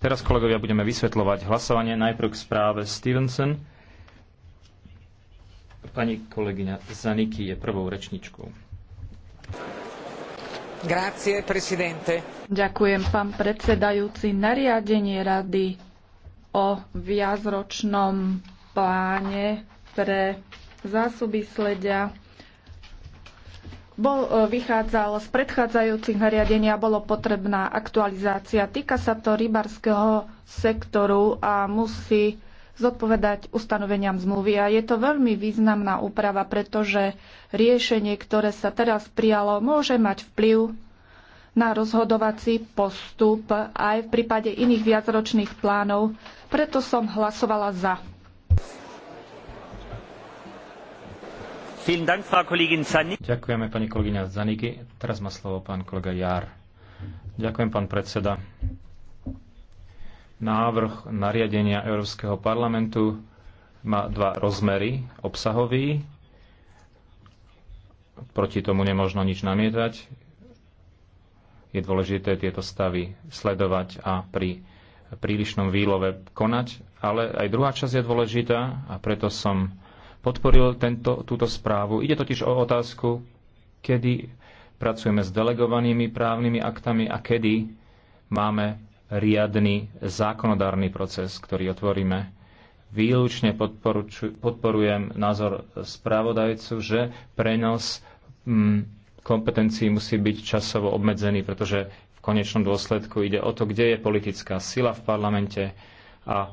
Teraz, kolegovia, budeme vysvetľovať hlasovanie najprv k správe Stevenson. Pani kolegyňa Zaniky je prvou rečničkou. Grazie, Ďakujem, pán predsedajúci. Nariadenie rady o viacročnom pláne pre zásoby sledia bol, e, vychádzal z predchádzajúcich nariadenia, bolo potrebná aktualizácia. Týka sa to rybarského sektoru a musí zodpovedať ustanoveniam zmluvy. A je to veľmi významná úprava, pretože riešenie, ktoré sa teraz prijalo, môže mať vplyv na rozhodovací postup aj v prípade iných viacročných plánov. Preto som hlasovala za. Ďakujeme pani kolegyňa Zaniky. Teraz má slovo pán kolega Jár. Ďakujem, pán predseda. Návrh nariadenia Európskeho parlamentu má dva rozmery obsahový. Proti tomu nemožno nič namietať. Je dôležité tieto stavy sledovať a pri prílišnom výlove konať. Ale aj druhá časť je dôležitá a preto som podporil tento, túto správu. Ide totiž o otázku, kedy pracujeme s delegovanými právnymi aktami a kedy máme riadny zákonodárny proces, ktorý otvoríme. Výlučne podporujem názor správodajcu, že prenos mm, kompetencií musí byť časovo obmedzený, pretože v konečnom dôsledku ide o to, kde je politická sila v parlamente a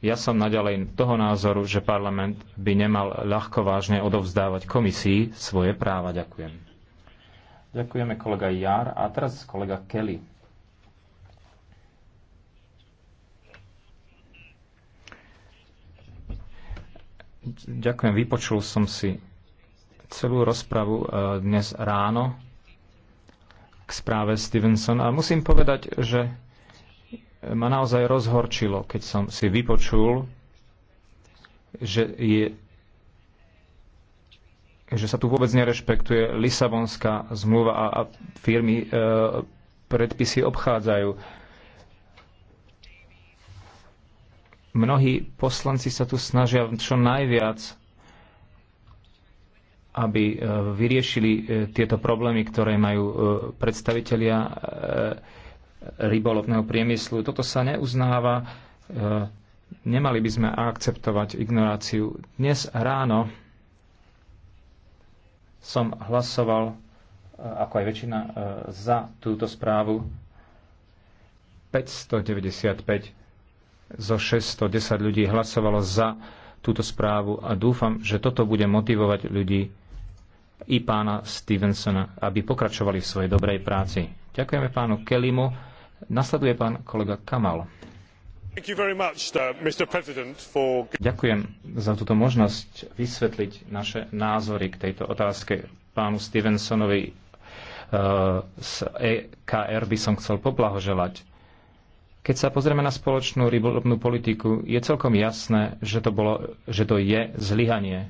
ja som naďalej toho názoru, že parlament by nemal ľahko vážne odovzdávať komisii svoje práva. Ďakujem. Ďakujeme kolega Jar a teraz kolega Kelly. Ďakujem, vypočul som si celú rozpravu e, dnes ráno k správe Stevenson a musím povedať, že ma naozaj rozhorčilo, keď som si vypočul, že, je, že sa tu vôbec nerešpektuje Lisabonská zmluva a, a firmy e, predpisy obchádzajú. Mnohí poslanci sa tu snažia čo najviac, aby e, vyriešili e, tieto problémy, ktoré majú e, predstavitelia rybolovného priemyslu. Toto sa neuznáva. E, nemali by sme akceptovať ignoráciu. Dnes ráno som hlasoval, e, ako aj väčšina, e, za túto správu 595 zo 610 ľudí hlasovalo za túto správu a dúfam, že toto bude motivovať ľudí i pána Stevensona, aby pokračovali v svojej dobrej práci. Ďakujeme pánu Kelimu. Nasleduje pán kolega Kamal. Uh, Ďakujem za túto možnosť vysvetliť naše názory k tejto otázke. Pánu Stevensonovi uh, z EKR by som chcel poblahoželať. Keď sa pozrieme na spoločnú rybolovnú politiku, je celkom jasné, že to, bolo, že to je zlyhanie.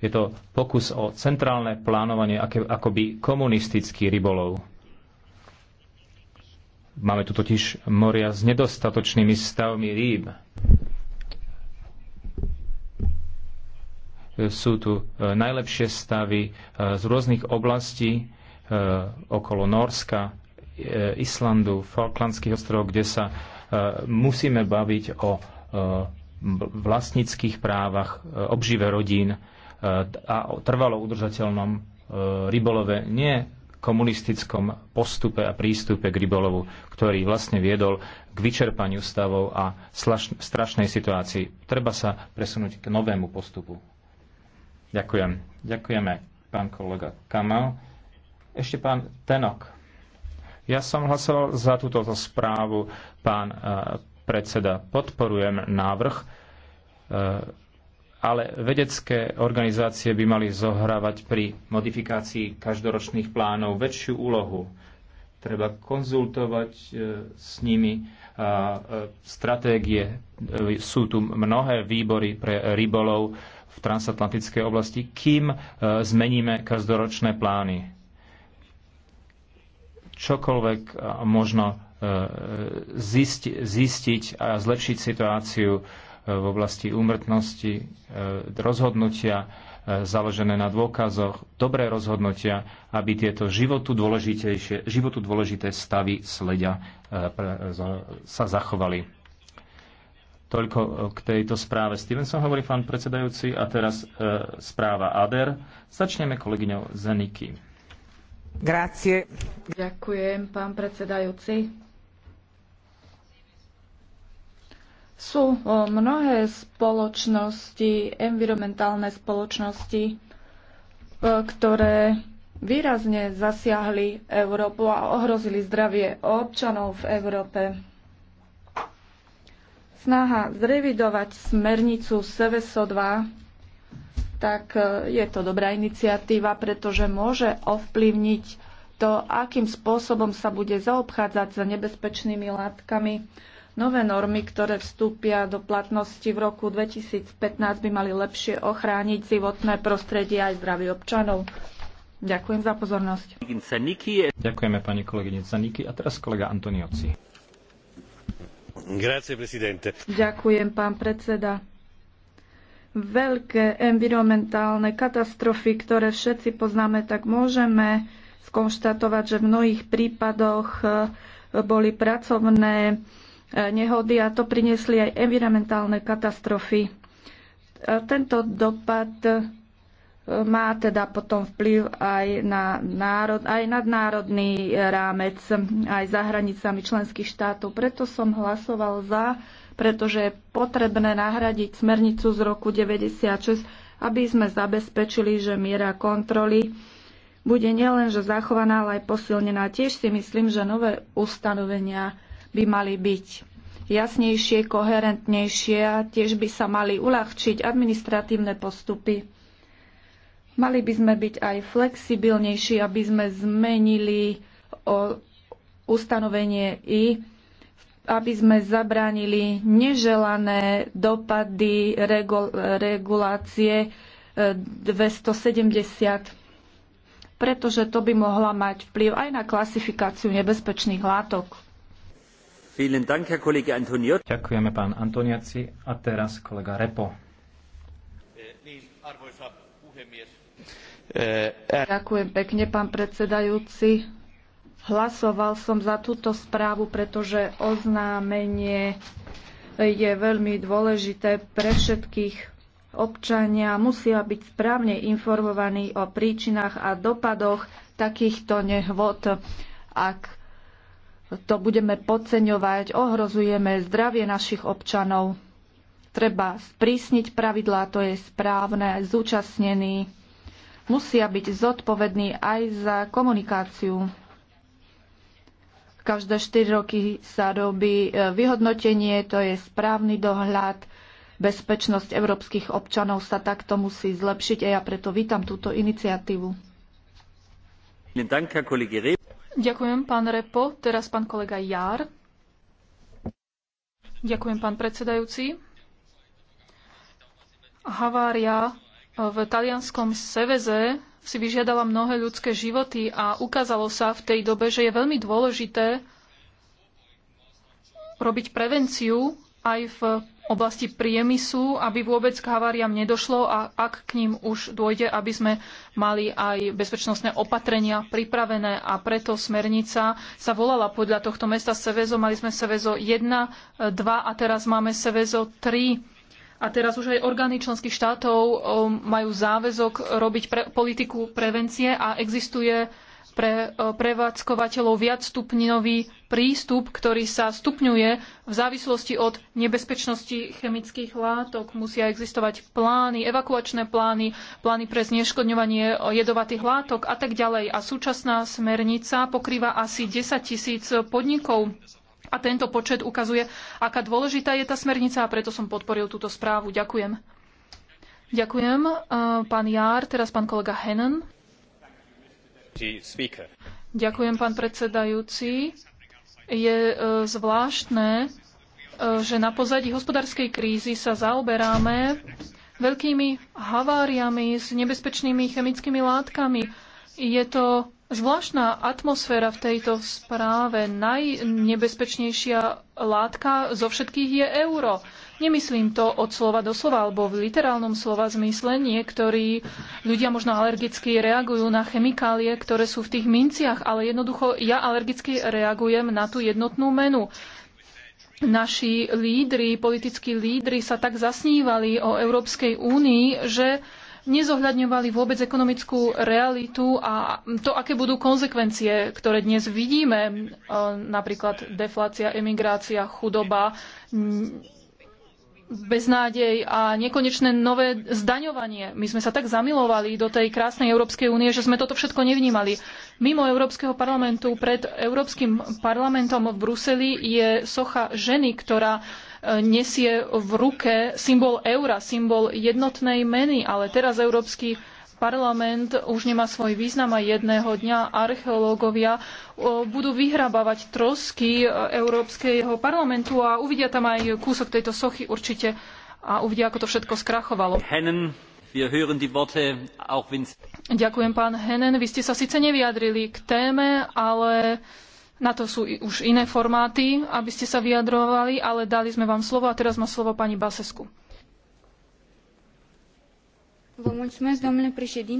Je to pokus o centrálne plánovanie akoby komunistický rybolov Máme tu totiž moria s nedostatočnými stavmi rýb. Sú tu e, najlepšie stavy e, z rôznych oblastí e, okolo Norska, Islandu, Falklandských ostrovov, kde sa musíme baviť o vlastníckých právach, obžive rodín a o trvalo udržateľnom rybolove. Nie komunistickom postupe a prístupe k rybolovu, ktorý vlastne viedol k vyčerpaniu stavov a strašnej situácii. Treba sa presunúť k novému postupu. Ďakujem. Ďakujeme, pán kolega Kamal. Ešte pán Tenok. Ja som hlasoval za túto správu, pán eh, predseda. Podporujem návrh eh, ale vedecké organizácie by mali zohrávať pri modifikácii každoročných plánov väčšiu úlohu. Treba konzultovať e, s nimi e, stratégie. E, sú tu mnohé výbory pre rybolov v transatlantickej oblasti, kým zmeníme každoročné plány. Čokoľvek možno zistiť a zlepšiť situáciu v oblasti úmrtnosti, e, rozhodnutia e, založené na dôkazoch, dobré rozhodnutia, aby tieto životu, dôležitejšie, životu dôležité stavy sledia e, sa zachovali. Toľko k tejto správe Stevenson, hovorí pán predsedajúci. A teraz e, správa ADER. Začneme kolegyňou Zeniky. Grácie. Ďakujem, pán predsedajúci. Sú mnohé spoločnosti, environmentálne spoločnosti, ktoré výrazne zasiahli Európu a ohrozili zdravie občanov v Európe. Snaha zrevidovať smernicu SVSO 2, tak e, je to dobrá iniciatíva, pretože môže ovplyvniť to, akým spôsobom sa bude zaobchádzať za nebezpečnými látkami Nové normy, ktoré vstúpia do platnosti v roku 2015, by mali lepšie ochrániť životné prostredie aj zdravie občanov. Ďakujem za pozornosť. Ďakujeme pani kolegyne Caniky a teraz kolega Antonioci. Grazie, presidente. Ďakujem, pán predseda. Veľké environmentálne katastrofy, ktoré všetci poznáme, tak môžeme skonštatovať, že v mnohých prípadoch eh, boli pracovné nehody a to priniesli aj environmentálne katastrofy. Tento dopad e, má teda potom vplyv aj na národ, aj nadnárodný rámec, aj za hranicami členských štátov. Preto som hlasoval za, pretože je potrebné nahradiť smernicu z roku 96, aby sme zabezpečili, že miera kontroly bude nielenže zachovaná, ale aj posilnená. Tiež si myslím, že nové ustanovenia by mali byť jasnejšie, koherentnejšie a tiež by sa mali uľahčiť administratívne postupy. Mali by sme byť aj flexibilnejší, aby sme zmenili o ustanovenie I, aby sme zabránili neželané dopady regul- regulácie 270, e, pretože to by mohla mať vplyv aj na klasifikáciu nebezpečných látok. Ďakujeme pán Antoniaci a teraz kolega Repo. Ďakujem pekne, pán predsedajúci. Hlasoval som za túto správu, pretože oznámenie je veľmi dôležité pre všetkých. Občania musia byť správne informovaní o príčinách a dopadoch takýchto nehôd. Ak to budeme podceňovať, ohrozujeme zdravie našich občanov. Treba sprísniť pravidlá, to je správne, zúčastnení musia byť zodpovední aj za komunikáciu. Každé 4 roky sa robí e, vyhodnotenie, to je správny dohľad, bezpečnosť európskych občanov sa takto musí zlepšiť a ja preto vítam túto iniciatívu. Ďakujem, pán Repo. Teraz pán kolega Jár. Ďakujem, pán predsedajúci. Havária v talianskom Seveze si vyžiadala mnohé ľudské životy a ukázalo sa v tej dobe, že je veľmi dôležité robiť prevenciu aj v oblasti priemyslu, aby vôbec k haváriám nedošlo a ak k ním už dôjde, aby sme mali aj bezpečnostné opatrenia pripravené a preto smernica sa volala podľa tohto mesta Sevezo. Mali sme Sevezo 1, 2 a teraz máme Sevezo 3. A teraz už aj orgány členských štátov um, majú záväzok robiť pre, politiku prevencie a existuje pre e, prevádzkovateľov viacstupňový prístup, ktorý sa stupňuje v závislosti od nebezpečnosti chemických látok. Musia existovať plány, evakuačné plány, plány pre zneškodňovanie jedovatých látok a tak ďalej. A súčasná smernica pokrýva asi 10 tisíc podnikov. A tento počet ukazuje, aká dôležitá je tá smernica a preto som podporil túto správu. Ďakujem. Ďakujem, e, pán Jár, teraz pán kolega Henen. Ďakujem, pán predsedajúci. Je e, zvláštne, e, že na pozadí hospodárskej krízy sa zaoberáme veľkými haváriami s nebezpečnými chemickými látkami. Je to zvláštna atmosféra v tejto správe. Najnebezpečnejšia látka zo všetkých je euro. Nemyslím to od slova do slova, alebo v literálnom slova zmysle niektorí ľudia možno alergicky reagujú na chemikálie, ktoré sú v tých minciach, ale jednoducho ja alergicky reagujem na tú jednotnú menu. Naši lídry, politickí lídry sa tak zasnívali o Európskej únii, že nezohľadňovali vôbec ekonomickú realitu a to, aké budú konsekvencie, ktoré dnes vidíme, e, napríklad deflácia, emigrácia, chudoba, beznádej a nekonečné nové zdaňovanie. My sme sa tak zamilovali do tej krásnej Európskej únie, že sme toto všetko nevnímali. Mimo Európskeho parlamentu, pred Európskym parlamentom v Bruseli je socha ženy, ktorá e, nesie v ruke symbol eura, symbol jednotnej meny, ale teraz Európsky parlament už nemá svoj význam a jedného dňa archeológovia budú vyhrabávať trosky e, Európskeho parlamentu a uvidia tam aj kúsok tejto sochy určite a uvidia, ako to všetko skrachovalo. Hennen, worte, Ďakujem, pán Henen. Vy ste sa síce nevyjadrili k téme, ale na to sú už iné formáty, aby ste sa vyjadrovali, ale dali sme vám slovo a teraz má slovo pani Basesku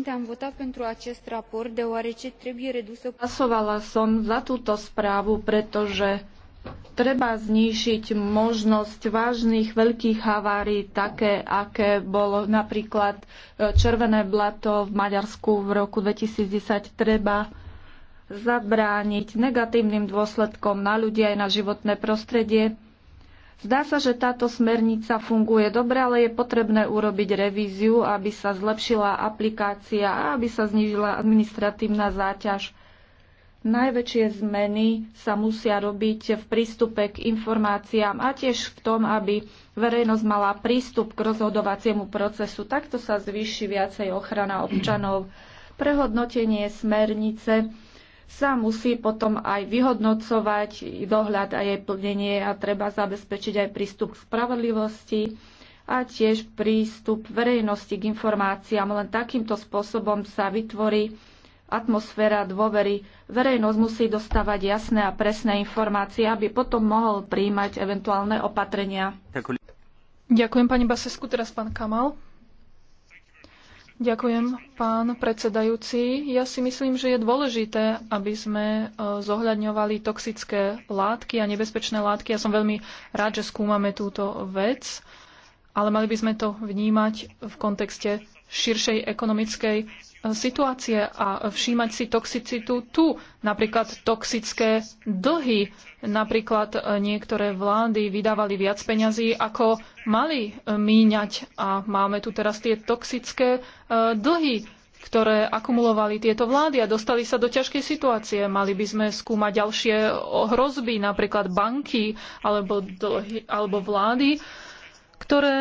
am votat pentru acest raport deoarece trebuie redusă. Hlasovala som za túto správu, pretože treba znížiť možnosť vážnych veľkých havárií, také, aké bolo napríklad e, Červené blato v Maďarsku v roku 2010. Treba zabrániť negatívnym dôsledkom na ľudia aj na životné prostredie Zdá sa, že táto smernica funguje dobre, ale je potrebné urobiť revíziu, aby sa zlepšila aplikácia a aby sa znížila administratívna záťaž. Najväčšie zmeny sa musia robiť v prístupe k informáciám a tiež v tom, aby verejnosť mala prístup k rozhodovaciemu procesu. Takto sa zvýši viacej ochrana občanov. Prehodnotenie smernice sa musí potom aj vyhodnocovať dohľad a jej plnenie a treba zabezpečiť aj prístup k spravodlivosti a tiež prístup verejnosti k informáciám. Len takýmto spôsobom sa vytvorí atmosféra dôvery. Verejnosť musí dostávať jasné a presné informácie, aby potom mohol príjmať eventuálne opatrenia. Ďakujem pani Basesku, teraz pán Kamal. Ďakujem, pán predsedajúci. Ja si myslím, že je dôležité, aby sme e, zohľadňovali toxické látky a nebezpečné látky. Ja som veľmi rád, že skúmame túto vec, ale mali by sme to vnímať v kontexte širšej ekonomickej situácie a všímať si toxicitu tu. Napríklad toxické dlhy. Napríklad e, niektoré vlády vydávali viac peňazí, ako mali e, míňať. A máme tu teraz tie toxické e, dlhy, ktoré akumulovali tieto vlády a dostali sa do ťažkej situácie. Mali by sme skúmať ďalšie hrozby, napríklad banky alebo, dlhy, alebo vlády, ktoré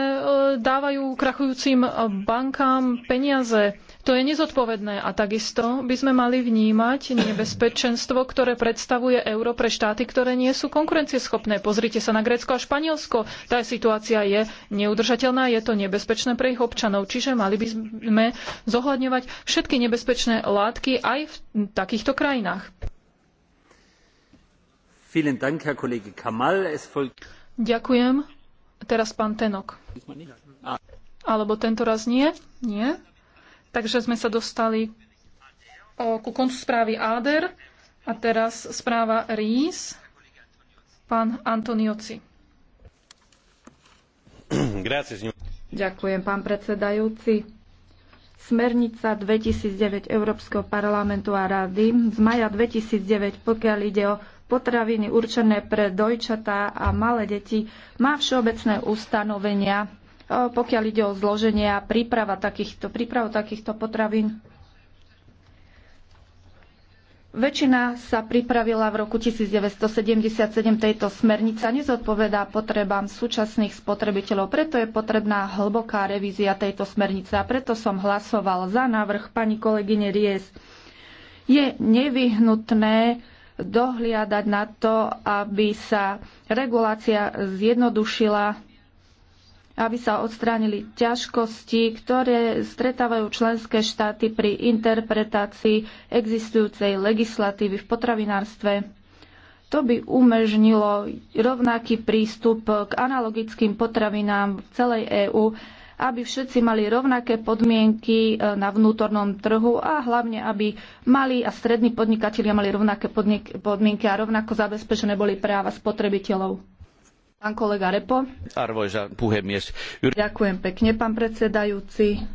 dávajú krachujúcim bankám peniaze to je nezodpovedné a takisto by sme mali vnímať nebezpečenstvo, ktoré predstavuje euro pre štáty, ktoré nie sú konkurencieschopné. Pozrite sa na Grécko a Španielsko. Tá situácia je neudržateľná, je to nebezpečné pre ich občanov, čiže mali by sme zohľadňovať všetky nebezpečné látky aj v takýchto krajinách. Ďakujem. Teraz pán Tenok. Ah. Alebo tento raz nie? Nie? Takže sme sa dostali ku koncu správy áder a teraz správa rís pán Antonioci. Ďakujem, pán predsedajúci. Smernica 2009 Európskeho parlamentu a rady z maja 2009, pokiaľ ide o potraviny určené pre dojčatá a malé deti, má všeobecné ustanovenia Eh, pokiaľ ide o zloženie a príprava takýchto, prípravu takýchto potravín. Väčšina sa pripravila v roku 1977 tejto smernica nezodpovedá potrebám súčasných spotrebiteľov, preto je potrebná hlboká revízia tejto smernice a preto som hlasoval za návrh pani kolegyne Ries. Je nevyhnutné dohliadať na to, aby sa regulácia zjednodušila aby sa odstránili ťažkosti, ktoré stretávajú členské štáty pri interpretácii existujúcej legislatívy v potravinárstve. To by umožnilo rovnaký prístup k analogickým potravinám v celej EÚ, aby všetci mali rovnaké podmienky e, na vnútornom trhu a hlavne, aby mali a strední podnikatelia mali rovnaké podmienky a rovnako zabezpečené boli práva spotrebiteľov. Pán kolega Repo. Arvoisa puhemies. Ďakujem pekne, pán predsedajúci.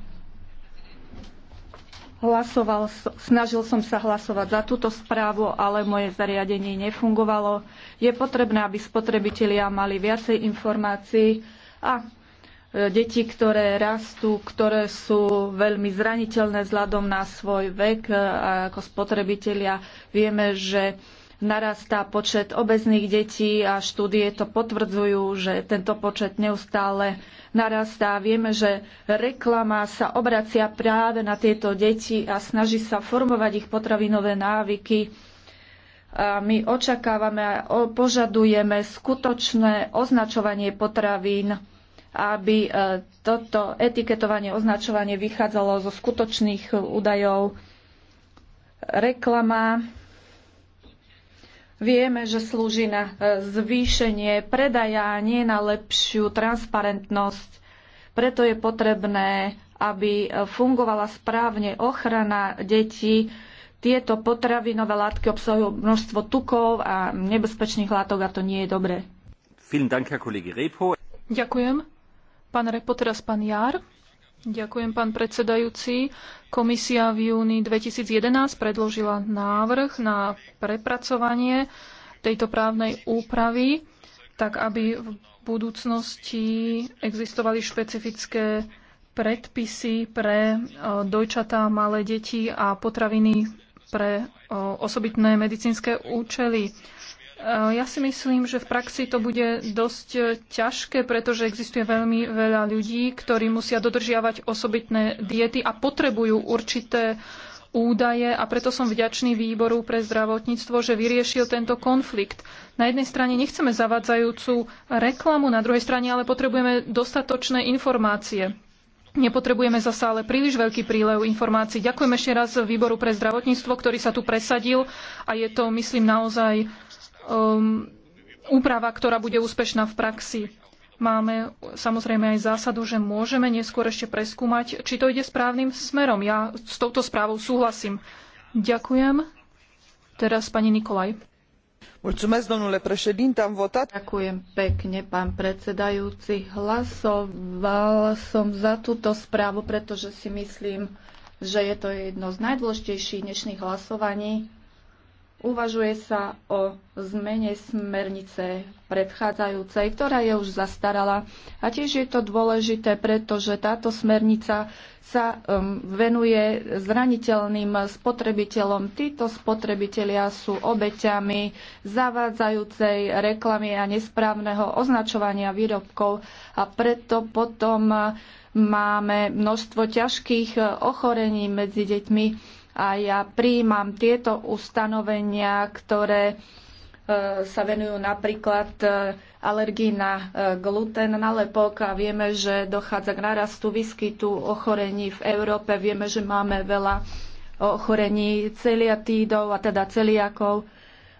Hlasoval, snažil som sa hlasovať za túto správu, ale moje zariadenie nefungovalo. Je potrebné, aby spotrebitelia mali viacej informácií a e, deti, ktoré rastú, ktoré sú veľmi zraniteľné vzhľadom na svoj vek. E, a ako spotrebitelia vieme, že narastá počet obezných detí a štúdie to potvrdzujú, že tento počet neustále narastá. Vieme, že reklama sa obracia práve na tieto deti a snaží sa formovať ich potravinové návyky. A my očakávame a požadujeme skutočné označovanie potravín, aby e, toto etiketovanie, označovanie vychádzalo zo skutočných údajov. Reklama Vieme, že slúži na e, zvýšenie predaja, nie na lepšiu transparentnosť. Preto je potrebné, aby e, fungovala správne ochrana detí. Tieto potravinové látky obsahujú množstvo tukov a nebezpečných látok a to nie je dobré. Ďakujem. Pán Repo, teraz pán Jár. Ďakujem, pán predsedajúci. Komisia v júni 2011 predložila návrh na prepracovanie tejto právnej úpravy, tak aby v budúcnosti existovali špecifické predpisy pre e, dojčatá, malé deti a potraviny pre e, osobitné medicínske účely. Eh, ja si myslím, že v praxi to bude dosť eh, ťažké, pretože existuje veľmi veľa ľudí, ktorí musia dodržiavať osobitné diety a potrebujú určité údaje a preto som vďačný výboru pre zdravotníctvo, že vyriešil tento konflikt. Na jednej strane nechceme zavádzajúcu reklamu, na druhej strane ale potrebujeme dostatočné informácie. Nepotrebujeme zasa ale príliš veľký prílev informácií. Ďakujem ešte raz výboru pre zdravotníctvo, ktorý sa tu presadil a je to, myslím, naozaj um, úprava, ktorá bude úspešná v praxi. Máme samozrejme aj zásadu, že môžeme neskôr ešte preskúmať, či to ide správnym smerom. Ja s touto správou súhlasím. Ďakujem. Teraz pani Nikolaj. Ďakujem pekne, pán predsedajúci. Hlasoval som za túto správu, pretože si myslím, že je to jedno z najdôležitejších dnešných hlasovaní Uvažuje sa o zmene smernice predchádzajúcej, ktorá je už zastarala. A tiež je to dôležité, pretože táto smernica sa um, venuje zraniteľným spotrebiteľom. Títo spotrebitelia sú obeťami zavádzajúcej reklamy a nesprávneho označovania výrobkov a preto potom uh, máme množstvo ťažkých uh, ochorení medzi deťmi a ja prijímam tieto ustanovenia, ktoré e, sa venujú napríklad e, alergii na e, gluten, na lepok a vieme, že dochádza k narastu výskytu ochorení v Európe. Vieme, že máme veľa ochorení celiatídov a teda celiakov.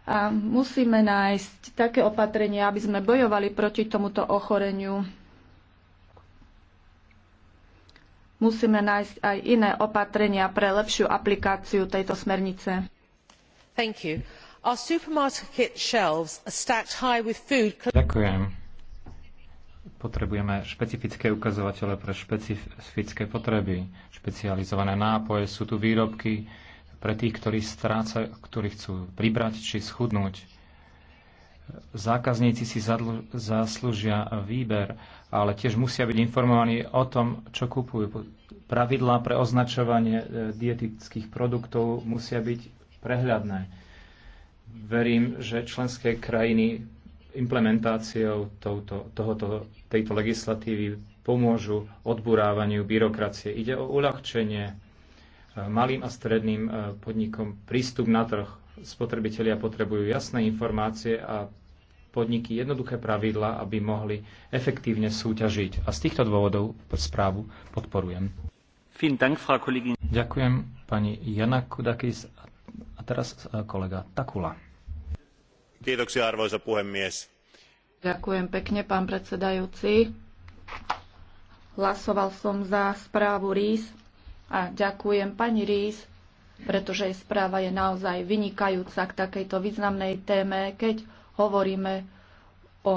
A musíme nájsť také opatrenia, aby sme bojovali proti tomuto ochoreniu musíme nájsť aj iné opatrenia pre lepšiu aplikáciu tejto smernice. Potrebujeme špecifické ukazovatele pre špecifické potreby. Špecializované nápoje sú tu výrobky pre tých, ktorí strácajú, ktorí chcú pribrať či schudnúť zákazníci si zadl- zaslúžia výber, ale tiež musia byť informovaní o tom, čo kupujú. Pravidlá pre označovanie e, dietických produktov musia byť prehľadné. Verím, že členské krajiny implementáciou touto, tohoto, tejto legislatívy pomôžu odburávaniu byrokracie. Ide o uľahčenie e, malým a stredným e, podnikom prístup na trh spotrebitelia potrebujú jasné informácie a podniky jednoduché pravidla, aby mohli efektívne súťažiť. A z týchto dôvodov správu podporujem. Ďakujem pani Jana Kudakis a teraz e, kolega Takula. Ďakujem pekne, pán predsedajúci. Hlasoval som za správu RIS a ďakujem pani RIS, pretože jej správa je naozaj vynikajúca k takejto významnej téme, keď hovoríme o,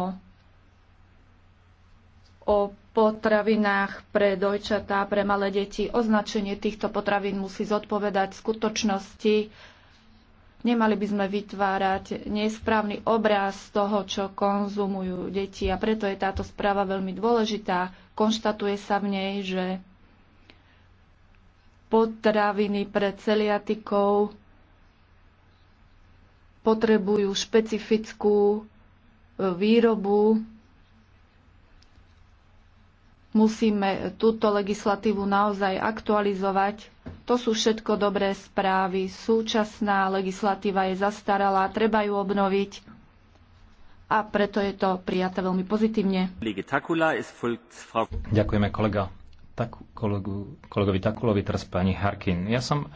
o potravinách pre dojčatá, pre malé deti. Označenie týchto potravín musí zodpovedať skutočnosti. Nemali by sme vytvárať nesprávny obraz toho, čo konzumujú deti. A preto je táto správa veľmi dôležitá. Konštatuje sa v nej, že potraviny pre celiatikov potrebujú špecifickú e, výrobu. Musíme túto legislatívu naozaj aktualizovať. To sú všetko dobré správy. Súčasná legislatíva je zastaralá, treba ju obnoviť a preto je to prijaté veľmi pozitívne. Ďakujeme kolega, tak, kolegu, kolegovi Takulovi, teraz pani Harkin. Ja som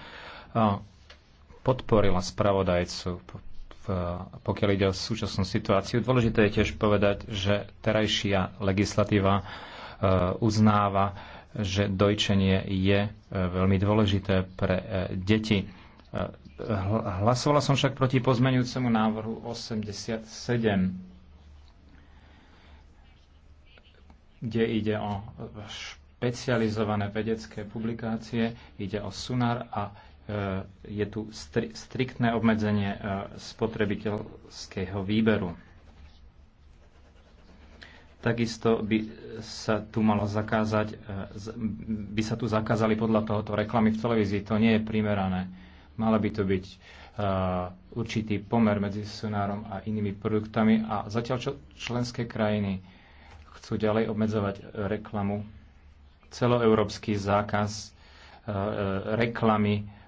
podporila spravodajcu, pokiaľ ide o súčasnú situáciu. Dôležité je tiež povedať, že terajšia legislatíva e, uznáva, že dojčenie je e, veľmi dôležité pre e, deti. Hlasovala som však proti pozmenujúcemu návrhu 87, kde ide o špecializované vedecké publikácie, ide o sunár a Eh, je tu stri, striktné obmedzenie eh, spotrebiteľského výberu. Takisto by sa tu malo zakázať, eh, by sa tu zakázali podľa tohoto reklamy v televízii. To nie je primerané. Mala by to byť určitý pomer medzi sonárom a inými produktami a zatiaľ čo členské krajiny chcú ďalej obmedzovať reklamu, celoeurópsky zákaz reklamy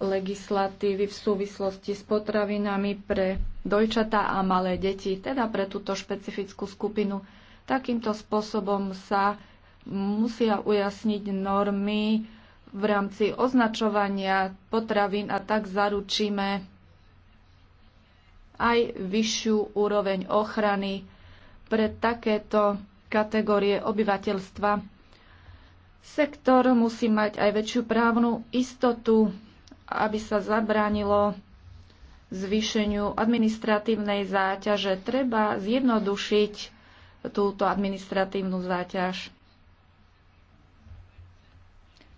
legislatívy v súvislosti s potravinami pre dojčatá a malé deti, teda pre túto špecifickú skupinu. Takýmto spôsobom sa musia ujasniť normy v rámci označovania potravín a tak zaručíme aj vyššiu úroveň ochrany pre takéto kategórie obyvateľstva. Sektor musí mať aj väčšiu právnu istotu aby sa zabránilo zvýšeniu administratívnej záťaže. Treba zjednodušiť túto administratívnu záťaž.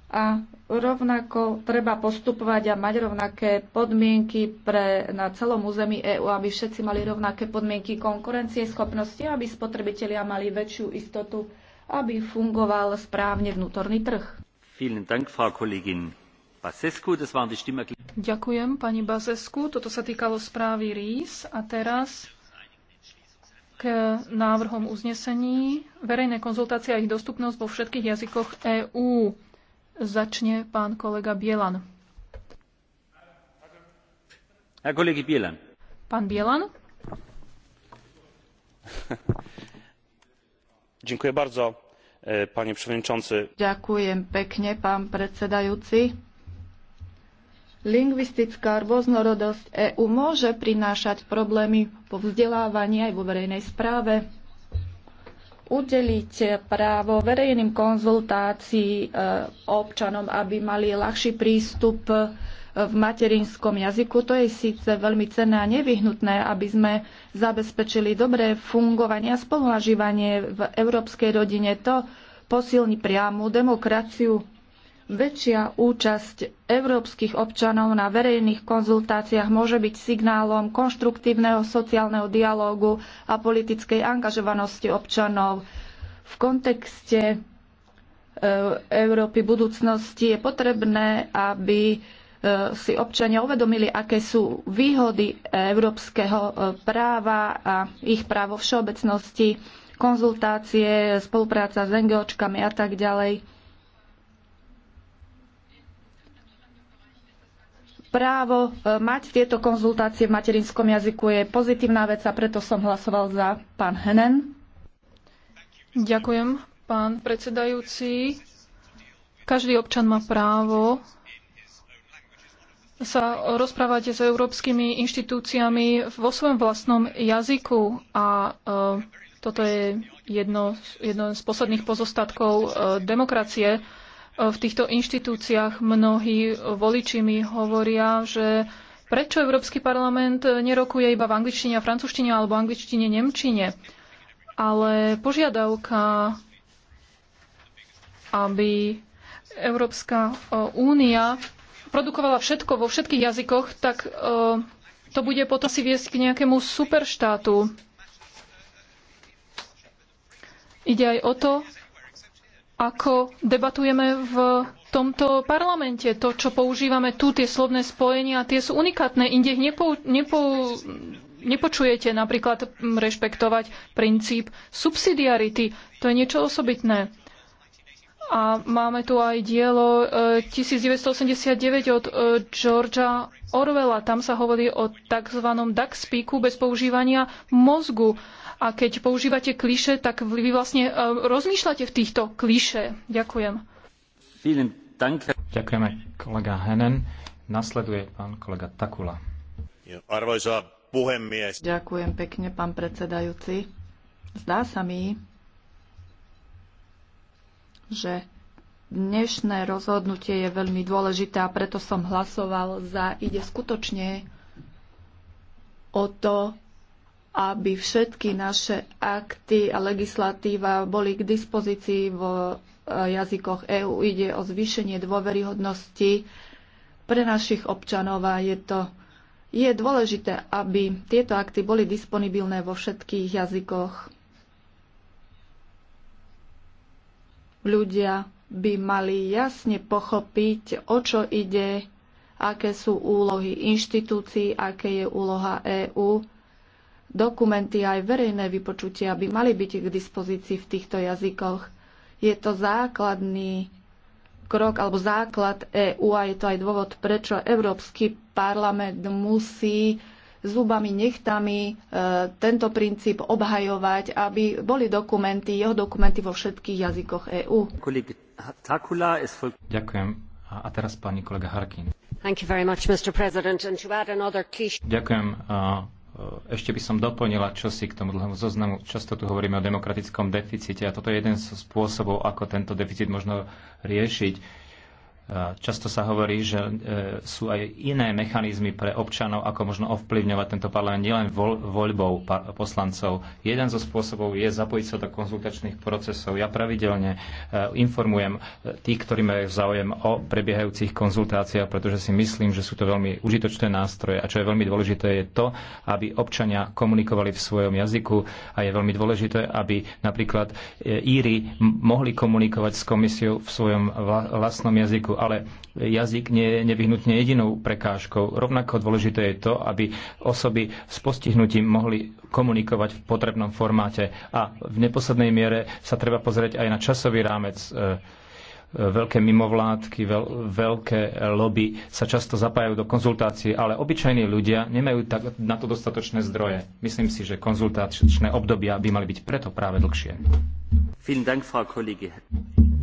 A rovnako treba postupovať a mať rovnaké podmienky pre, na celom území EÚ, aby všetci mali rovnaké podmienky konkurencie schopnosti, aby spotrebitelia mali väčšiu istotu, aby fungoval správne vnútorný trh. Vielen Dank, Frau Kollegin. Ďakujem pani Bazesku. Toto sa týkalo správy RIS. A teraz k návrhom uznesení. Verejné konzultácie a ich dostupnosť vo všetkých jazykoch EÚ. Začne pán kolega Bielan. Bielan. Pán Bielan. Ďakujem bardzo, e, panie przewodniczący. Ďakujem pekne, pán predsedajúci Lingvistická rôznorodosť EÚ môže prinášať problémy po vzdelávaní aj vo verejnej správe. Udeliť právo verejným konzultácií e, občanom, aby mali ľahší prístup e, v materinskom jazyku. To je síce veľmi cenné a nevyhnutné, aby sme zabezpečili dobré fungovanie a spolunažívanie v európskej rodine. To posilní priamu demokraciu. Väčšia účasť európskych občanov na verejných konzultáciách môže byť signálom konštruktívneho sociálneho dialógu a politickej angažovanosti občanov. V kontekste e, Európy budúcnosti je potrebné, aby e, si občania uvedomili, aké sú výhody európskeho e, práva a ich právo všeobecnosti, konzultácie, spolupráca s NGOčkami a tak ďalej. právo e, mať tieto konzultácie v materinskom jazyku je pozitívna vec a preto som hlasoval za pán Henen. Ďakujem, pán predsedajúci. Každý občan má právo sa rozprávať s európskymi inštitúciami vo svojom vlastnom jazyku a e, toto je jedno, jedno z posledných pozostatkov e, demokracie v týchto inštitúciách mnohí voliči mi hovoria, že prečo Európsky parlament nerokuje iba v angličtine a francúzštine alebo angličtine, nemčine. Ale požiadavka, aby Európska únia produkovala všetko vo všetkých jazykoch, tak to bude potom si viesť k nejakému superštátu. Ide aj o to, ako debatujeme v tomto parlamente. To, čo používame tu, tie slovné spojenia, tie sú unikátne. Inde ich nepo, nepo, nepočujete napríklad rešpektovať princíp subsidiarity. To je niečo osobitné. A máme tu aj dielo 1989 eh, od eh, Georgia Orwella. Tam sa hovorí o tzv. duck speaku bez používania mozgu. A keď používate kliše, tak vy vlastne e, rozmýšľate v týchto kliše. Ďakujem. Ďakujeme, kolega Henen. Nasleduje pán kolega Takula. Arvoisa puhemies. Ďakujem pekne, pán predsedajúci. Zdá sa mi, že dnešné rozhodnutie je veľmi dôležité a preto som hlasoval za. Ide skutočne o to, aby všetky naše akty a legislatíva boli k dispozícii v e, jazykoch EÚ. Ide o zvýšenie dôveryhodnosti pre našich občanov a je to je dôležité, aby tieto akty boli disponibilné vo všetkých jazykoch. Ľudia by mali jasne pochopiť, o čo ide, aké sú úlohy inštitúcií, aké je úloha EÚ dokumenty aj verejné vypočutia by mali byť k dispozícii v týchto jazykoch. Je to základný krok alebo základ EÚ a je to aj dôvod, prečo Európsky parlament musí zubami, nechtami e, tento princíp obhajovať, aby boli dokumenty, jeho dokumenty vo všetkých jazykoch EÚ. Ďakujem. A teraz pani kolega Harkin. Ďakujem. Eh, ešte by som doplnila čo si k tomu dlhému zoznamu. Často tu hovoríme o demokratickom deficite a toto je jeden z spôsobov, ako tento deficit možno riešiť Často sa hovorí, že e, sú aj iné mechanizmy pre občanov, ako možno ovplyvňovať tento parlament nielen voľbou poslancov. Jeden zo spôsobov je zapojiť sa do konzultačných procesov. Ja pravidelne e, informujem e, tých, ktorí majú záujem o prebiehajúcich konzultáciách, pretože si myslím, že sú to veľmi užitočné nástroje. A čo je veľmi dôležité, je to, aby občania komunikovali v svojom jazyku a je veľmi dôležité, aby napríklad Íry mohli komunikovať s komisiou v svojom vlastnom jazyku ale jazyk nie je nevyhnutne jedinou prekážkou. Rovnako dôležité je to, aby osoby s postihnutím mohli komunikovať v potrebnom formáte. A v neposlednej miere sa treba pozrieť aj na časový rámec e, e, veľké mimovládky, veľ, veľké lobby sa často zapájajú do konzultácií, ale obyčajní ľudia nemajú tak, na to dostatočné zdroje. Myslím si, že konzultačné obdobia by mali byť preto práve dlhšie.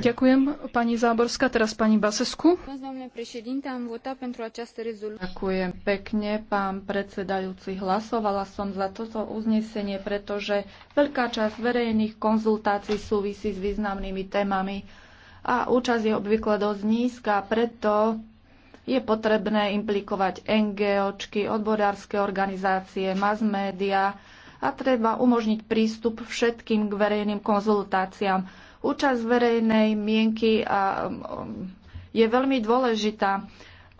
Ďakujem pani Záborská, teraz pani Basescu. Ďakujem pekne, pán predsedajúci. Hlasovala som za toto uznesenie, pretože veľká časť verejných konzultácií súvisí s významnými témami a účasť je obvykle dosť nízka, preto je potrebné implikovať NGOčky, odborárske organizácie, mass média, a treba umožniť prístup všetkým k verejným konzultáciám. Účasť verejnej mienky a, um, je veľmi dôležitá.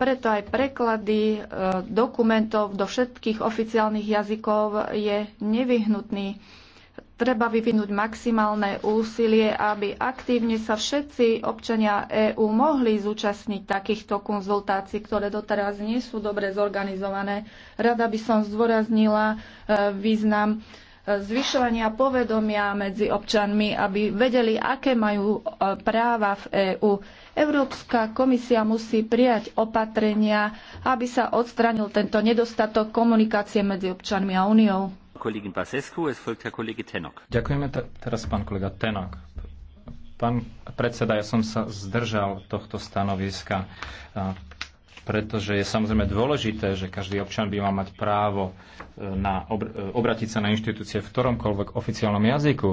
Preto aj preklady e, dokumentov do všetkých oficiálnych jazykov je nevyhnutný. Treba vyvinúť maximálne úsilie, aby aktívne sa všetci občania EÚ mohli zúčastniť takýchto konzultácií, ktoré doteraz nie sú dobre zorganizované. Rada by som zdôraznila e, význam e, zvyšovania povedomia medzi občanmi, aby vedeli, aké majú e, práva v EÚ. Európska komisia musí prijať opatrenia, aby sa odstranil tento nedostatok komunikácie medzi občanmi a úniou. Ďakujeme teraz pán kolega Tenok. Pán predseda, ja som sa zdržal tohto stanoviska, pretože je samozrejme dôležité, že každý občan by mal mať právo e, na obr- e, obratiť sa na inštitúcie v ktoromkoľvek oficiálnom jazyku.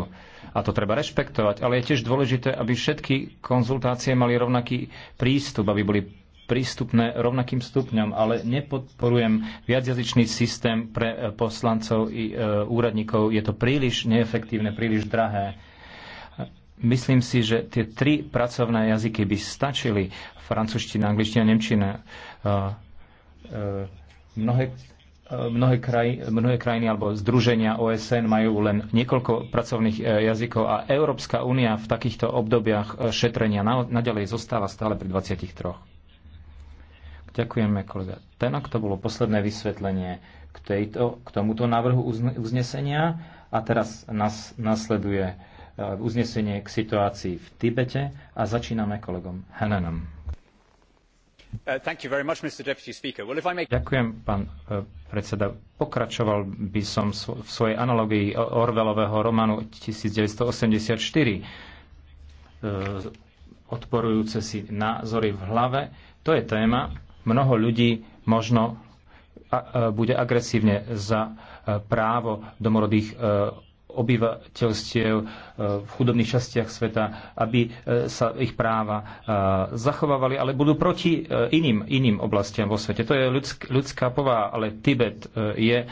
A to treba rešpektovať, ale je tiež dôležité, aby všetky konzultácie mali rovnaký prístup, aby boli prístupné rovnakým stupňom, ale nepodporujem viacjazyčný systém pre e, poslancov i e, úradníkov. Je to príliš neefektívne, príliš drahé. Myslím si, že tie tri pracovné jazyky by stačili. Francúzština, angličtina, nemčina. E, mnohé Mnohé, kraj, mnohé krajiny alebo združenia OSN majú len niekoľko pracovných jazykov a Európska únia v takýchto obdobiach šetrenia naďalej zostáva stále pri 23. Ďakujeme, kolega Tenok. To bolo posledné vysvetlenie k, tejto, k tomuto návrhu uznesenia. A teraz nás nasleduje e, uznesenie k situácii v Tibete a začíname kolegom Hennenom. Uh, Ďakujem, pán e, predseda. Pokračoval by som v svojej analogii Orvelového románu 1984. E, odporujúce si názory v hlave. To je téma, mnoho ľudí možno bude agresívne za e, právo domorodých e, obyvateľstiev e, v chudobných častiach sveta, aby sa ich práva zachovávali, ale budú proti iným, iným oblastiam vo svete. To je ľudsk, ľudská povaha, ale Tibet je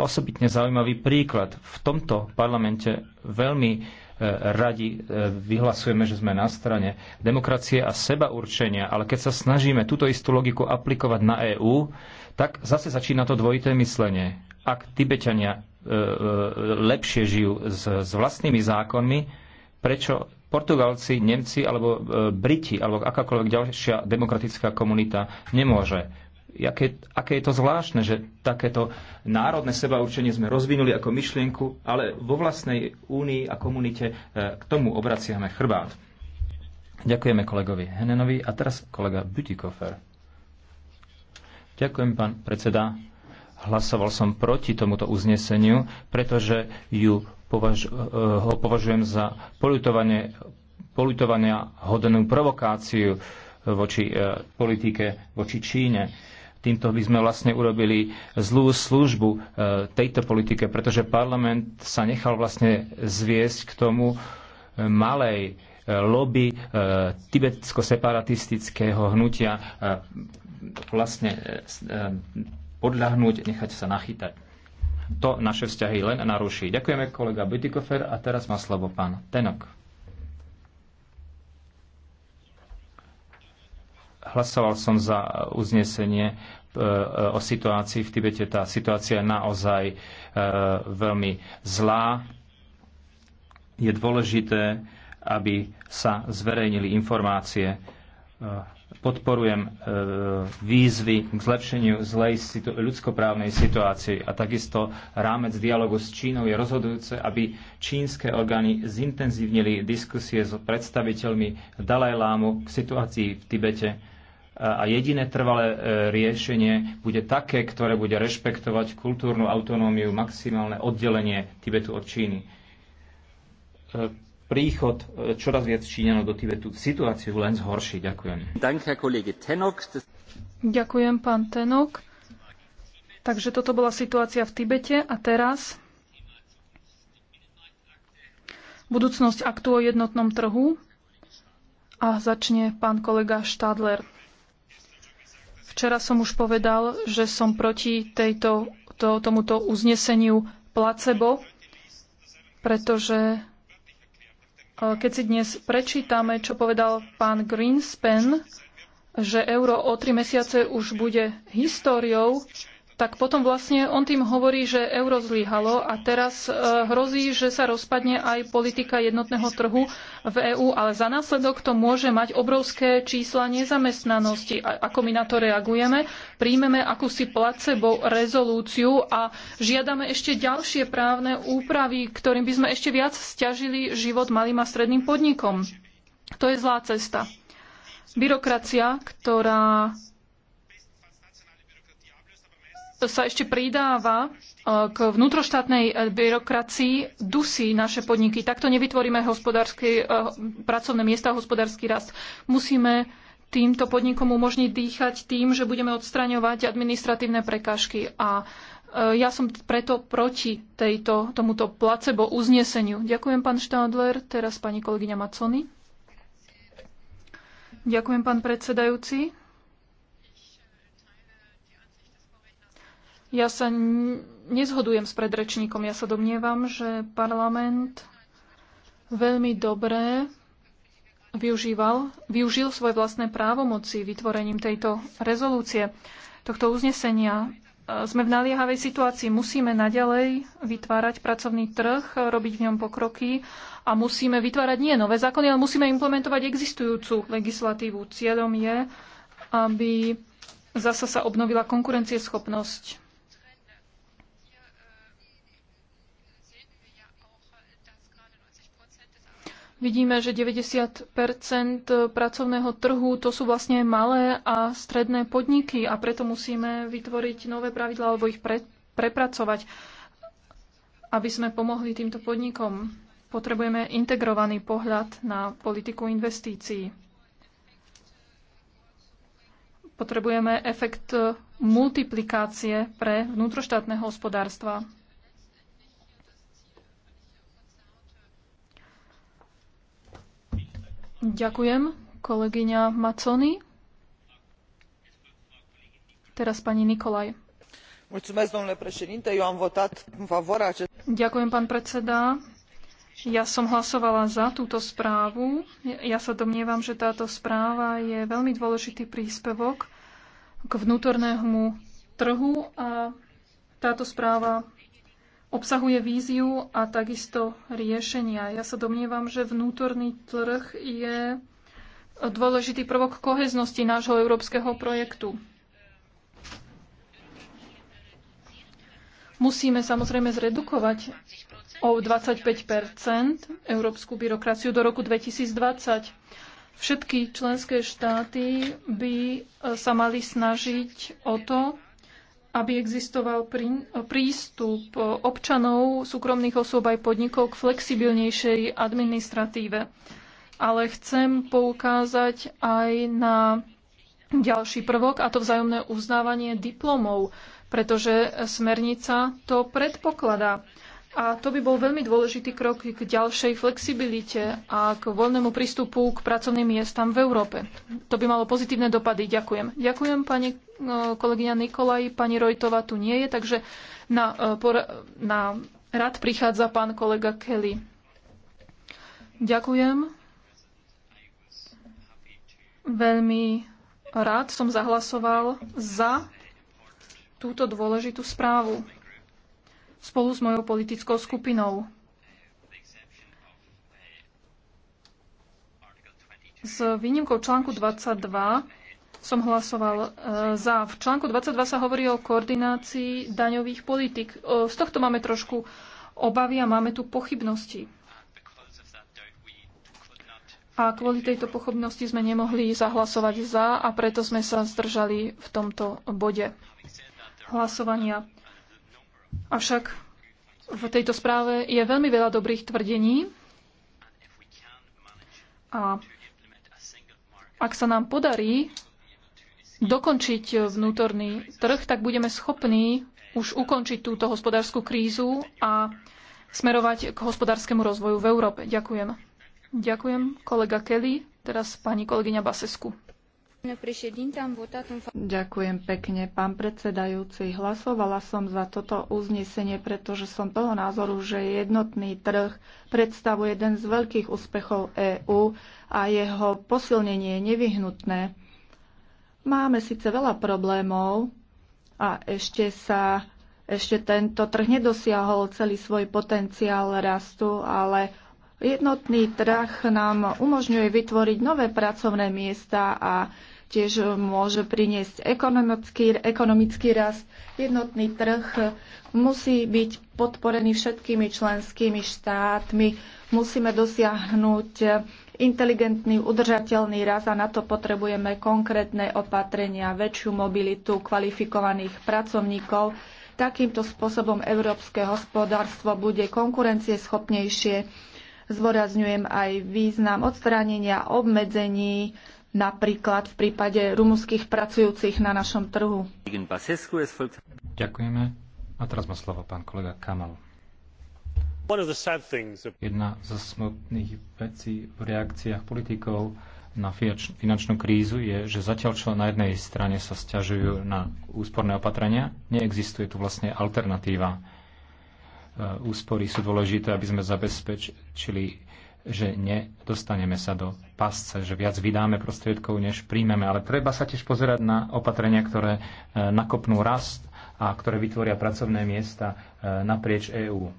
osobitne zaujímavý príklad. V tomto parlamente veľmi E, radi e, vyhlasujeme, že sme na strane demokracie a seba určenia, ale keď sa snažíme túto istú logiku aplikovať na EÚ, tak zase začína to dvojité myslenie. Ak Tibetania e, lepšie žijú s, vlastnými zákonmi, prečo Portugalci, Nemci alebo Briti alebo akákoľvek ďalšia demokratická komunita nemôže aké, aké je to zvláštne, že takéto národné sebaurčenie sme rozvinuli ako myšlienku, ale vo vlastnej únii a komunite e, k tomu obraciame chrbát. Ďakujeme kolegovi Henenovi a teraz kolega Butikofer. Ďakujem, pán predseda. Hlasoval som proti tomuto uzneseniu, pretože ju považ- e, ho považujem za polutovania hodnú provokáciu voči e, politike, voči Číne Týmto by sme vlastne urobili zlú službu e, tejto politike, pretože parlament sa nechal vlastne zviesť k tomu e, malej e, lobby tibetsko-separatistického hnutia vlastne podľahnúť, nechať sa nachytať. To naše vzťahy len naruší. Ďakujeme kolega Bytikofer a teraz má slovo pán Tenok. Hlasoval som za uznesenie e, e, o situácii v Tibete. Tá situácia je naozaj e, veľmi zlá. Je dôležité, aby sa zverejnili informácie. Podporujem výzvy k zlepšeniu zlej situ- ľudskoprávnej situácie a takisto rámec dialogu s Čínou je rozhodujúce, aby čínske orgány zintenzívnili diskusie s predstaviteľmi Dalajlámu Lámu k situácii v Tibete a jediné trvalé e, riešenie bude také, ktoré bude rešpektovať kultúrnu autonómiu, maximálne oddelenie Tibetu od Číny. E, príchod e, čoraz viac Číňanov do Tibetu situáciu len zhorší. Ďakujem. Ďakujem, pán Tenok. Takže toto bola situácia v Tibete a teraz budúcnosť aktu o jednotnom trhu a začne pán kolega Štádler. Včera som už povedal, že som proti tejto, to, tomuto uzneseniu placebo, pretože e, keď si dnes prečítame, čo povedal pán Greenspan, že euro o tri mesiace už bude históriou, tak potom vlastne on tým hovorí, že euro zlyhalo a teraz e, hrozí, že sa rozpadne aj politika jednotného trhu v EÚ, ale za následok to môže mať obrovské čísla nezamestnanosti. A ako my na to reagujeme? Príjmeme akúsi placebo rezolúciu a žiadame ešte ďalšie právne úpravy, ktorým by sme ešte viac stiažili život malým a stredným podnikom. To je zlá cesta. Byrokracia, ktorá sa ešte pridáva e, k vnútroštátnej e, byrokracii, dusí naše podniky. Takto nevytvoríme hospodárske, pracovné miesta a hospodársky rast. Musíme týmto podnikom umožniť dýchať tým, že budeme odstraňovať administratívne prekážky. A e, ja som preto proti tejto, tomuto placebo uzneseniu. Ďakujem, pán Štádler. Teraz pani kolegyňa Macony. Ďakujem, pán predsedajúci. Ja sa nezhodujem s predrečníkom. Ja sa domnievam, že parlament veľmi dobre využíval, využil svoje vlastné právomoci vytvorením tejto rezolúcie, tohto uznesenia. Sme v naliehavej situácii. Musíme naďalej vytvárať pracovný trh, robiť v ňom pokroky a musíme vytvárať nie nové zákony, ale musíme implementovať existujúcu legislatívu. Cieľom je, aby zasa sa obnovila konkurencieschopnosť Vidíme, že 90 pracovného trhu to sú vlastne malé a stredné podniky a preto musíme vytvoriť nové pravidla alebo ich pre, prepracovať, aby sme pomohli týmto podnikom. Potrebujeme integrovaný pohľad na politiku investícií. Potrebujeme efekt multiplikácie pre vnútroštátne hospodárstva. Ďakujem, kolegyňa Macony. Teraz pani Nikolaj. Ďakujem, pán predseda. Ja som hlasovala za túto správu. Ja sa domnievam, že táto správa je veľmi dôležitý príspevok k vnútornému trhu a táto správa obsahuje víziu a takisto riešenia. Ja sa domnievam, že vnútorný trh je dôležitý prvok koheznosti nášho európskeho projektu. Musíme samozrejme zredukovať o 25 európsku byrokraciu do roku 2020. Všetky členské štáty by sa mali snažiť o to, aby existoval prístup občanov, súkromných osôb aj podnikov k flexibilnejšej administratíve. Ale chcem poukázať aj na ďalší prvok, a to vzájomné uznávanie diplomov, pretože smernica to predpokladá. A to by bol veľmi dôležitý krok k ďalšej flexibilite a k voľnému prístupu k pracovným miestam v Európe. To by malo pozitívne dopady. Ďakujem. Ďakujem pani e, kolegyňa Nikolaj. Pani Rojtova tu nie je, takže na, e, na rad prichádza pán kolega Kelly. Ďakujem. Veľmi rád som zahlasoval za túto dôležitú správu spolu s mojou politickou skupinou. S výnimkou článku 22 som hlasoval e, za. V článku 22 sa hovorí o koordinácii daňových politik. E, z tohto máme trošku obavy a máme tu pochybnosti. A kvôli tejto pochybnosti sme nemohli zahlasovať za a preto sme sa zdržali v tomto bode hlasovania. Avšak v tejto správe je veľmi veľa dobrých tvrdení a ak sa nám podarí dokončiť vnútorný trh, tak budeme schopní už ukončiť túto hospodárskú krízu a smerovať k hospodárskemu rozvoju v Európe. Ďakujem. Ďakujem, kolega Kelly. Teraz pani kolegyňa Basesku. Ďakujem pekne, pán predsedajúci. Hlasovala som za toto uznesenie, pretože som toho názoru, že jednotný trh predstavuje jeden z veľkých úspechov EÚ a jeho posilnenie je nevyhnutné. Máme síce veľa problémov a ešte sa ešte tento trh nedosiahol celý svoj potenciál rastu, ale jednotný trh nám umožňuje vytvoriť nové pracovné miesta a tiež môže priniesť ekonomický, ekonomický rast. Jednotný trh musí byť podporený všetkými členskými štátmi. Musíme dosiahnuť inteligentný, udržateľný raz a na to potrebujeme konkrétne opatrenia, väčšiu mobilitu kvalifikovaných pracovníkov. Takýmto spôsobom európske hospodárstvo bude konkurencieschopnejšie. Zvorazňujem aj význam odstránenia obmedzení napríklad v prípade rumúnskych pracujúcich na našom trhu. Ďakujeme. A teraz má slovo pán kolega Kamal. Jedna zo smutných vecí v reakciách politikov na finančnú krízu je, že zatiaľ čo na jednej strane sa stiažujú na úsporné opatrenia, neexistuje tu vlastne alternatíva. E, úspory sú dôležité, aby sme zabezpečili že nedostaneme sa do pasce, že viac vydáme prostriedkov, než príjmeme. Ale treba sa tiež pozerať na opatrenia, ktoré e, nakopnú rast a ktoré vytvoria pracovné miesta e, naprieč EÚ.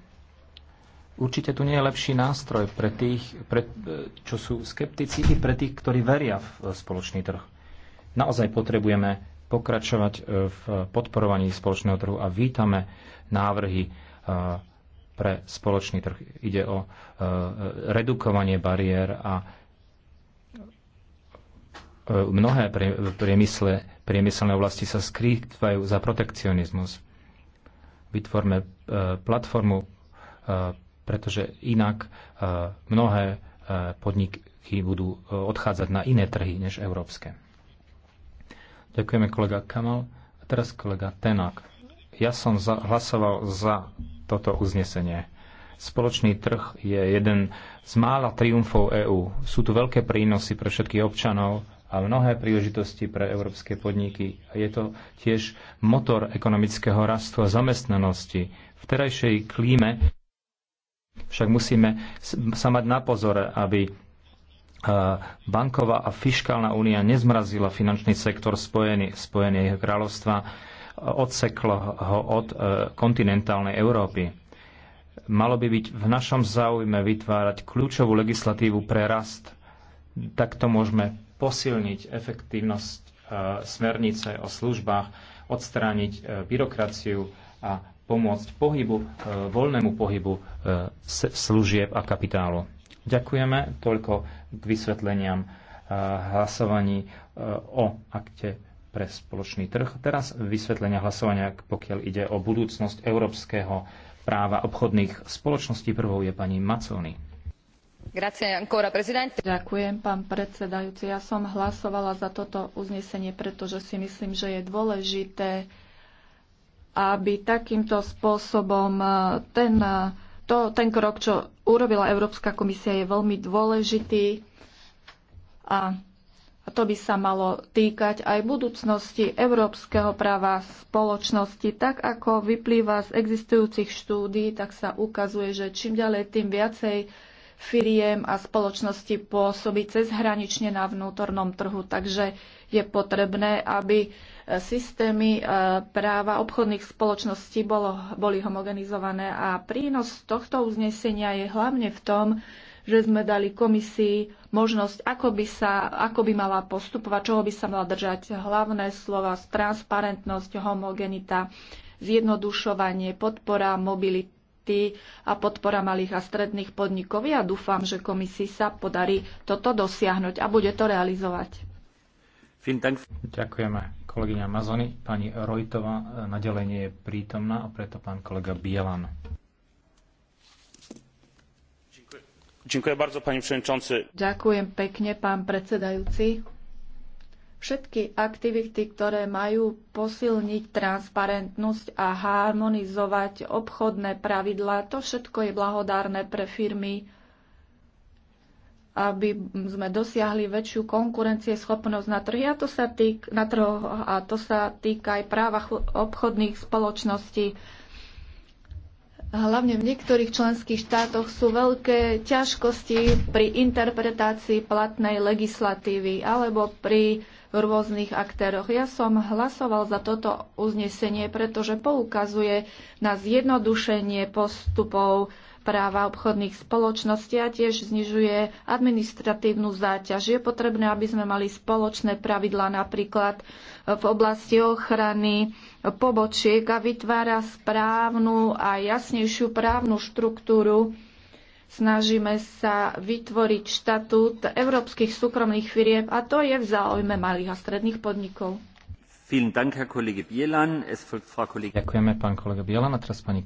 Určite tu nie je lepší nástroj pre tých, pre, e, čo sú skeptici, i pre tých, ktorí veria v spoločný trh. Naozaj potrebujeme pokračovať v podporovaní spoločného trhu a vítame návrhy pre spoločný trh. Ide o e, redukovanie bariér a e, mnohé priemysle, priemyselné oblasti sa skrývajú za protekcionizmus. Vytvorme e, platformu, e, pretože inak mnohé podniky budú odchádzať na iné trhy než európske. Ďakujeme kolega Kamal. A teraz kolega Tenak. Ja som za, hlasoval za toto uznesenie. Spoločný trh je jeden z mála triumfov EÚ. Sú tu veľké prínosy pre všetkých občanov a mnohé príležitosti pre európske podniky. je to tiež motor ekonomického rastu a zamestnanosti. V terajšej klíme však musíme sa mať na pozore, aby e, banková a fiškálna únia nezmrazila finančný sektor Spojený, Spojeného kráľovstva odseklo ho od e, kontinentálnej Európy. Malo by byť v našom záujme vytvárať kľúčovú legislatívu pre rast. Takto môžeme posilniť efektívnosť e, smernice o službách, odstrániť e, byrokraciu a pomôcť pohybu, voľnému pohybu služieb a kapitálu. Ďakujeme toľko k vysvetleniam hlasovaní o akte pre spoločný trh. Teraz vysvetlenia hlasovania, pokiaľ ide o budúcnosť európskeho práva obchodných spoločností. Prvou je pani Maconi. Ďakujem, pán predsedajúci. Ja som hlasovala za toto uznesenie, pretože si myslím, že je dôležité, aby takýmto spôsobom eh, ten, eh, to, ten krok, čo urobila Európska komisia, je veľmi dôležitý. A a to by sa malo týkať aj budúcnosti európskeho práva spoločnosti. Tak ako vyplýva z existujúcich štúdí, tak sa ukazuje, že čím ďalej, tým viacej firiem a spoločnosti pôsobí cezhranične na vnútornom trhu. Takže je potrebné, aby systémy e, práva obchodných spoločností bolo, boli homogenizované. A prínos tohto uznesenia je hlavne v tom, že sme dali komisii možnosť, ako by, sa, ako by mala postupovať, čoho by sa mala držať. Hlavné slova, transparentnosť, homogenita, zjednodušovanie, podpora mobility a podpora malých a stredných podnikov. Ja dúfam, že komisii sa podarí toto dosiahnuť a bude to realizovať. Ďakujeme. Kolegyňa Mazony, pani Rojtová na delenie je prítomná a preto pán kolega Bielan. Ďakujem pekne, pán predsedajúci. Všetky aktivity, ktoré majú posilniť transparentnosť a harmonizovať obchodné pravidlá, to všetko je blahodárne pre firmy, aby sme dosiahli väčšiu konkurencieschopnosť na trhu. A to sa týka, na trhu, a to sa týka aj práva obchodných spoločností hlavne v niektorých členských štátoch sú veľké ťažkosti pri interpretácii platnej legislatívy alebo pri rôznych aktéroch. Ja som hlasoval za toto uznesenie, pretože poukazuje na zjednodušenie postupov práva obchodných spoločností a tiež znižuje administratívnu záťaž. Je potrebné, aby sme mali spoločné pravidlá napríklad v oblasti ochrany pobočiek a vytvára správnu a jasnejšiu právnu štruktúru. Snažíme sa vytvoriť štatút európskych súkromných firieb a to je v záujme malých a stredných podnikov. Ďakujeme, pán kolega Bielan. A teraz pani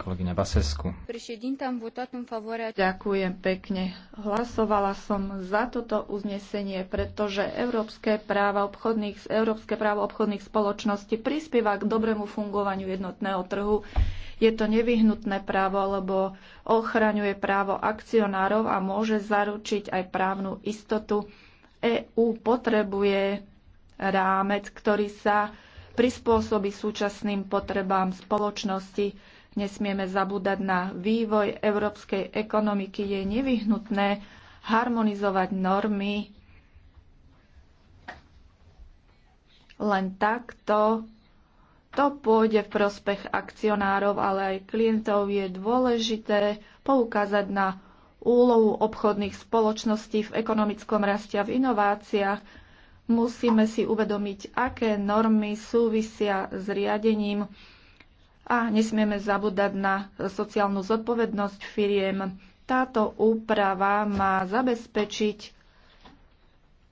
Ďakujem pekne. Hlasovala som za toto uznesenie, pretože európske práva obchodných, európske právo obchodných spoločností prispieva k dobrému fungovaniu jednotného trhu. Je to nevyhnutné právo, lebo ochraňuje právo akcionárov a môže zaručiť aj právnu istotu. EÚ potrebuje rámec, ktorý sa prispôsobí súčasným potrebám spoločnosti. Nesmieme zabúdať na vývoj európskej ekonomiky. Je nevyhnutné harmonizovať normy. Len takto to pôjde v prospech akcionárov, ale aj klientov je dôležité poukázať na úlohu obchodných spoločností v ekonomickom raste a v inováciách Musíme si uvedomiť, aké normy súvisia s riadením a nesmieme zabúdať na sociálnu zodpovednosť firiem. Táto úprava má zabezpečiť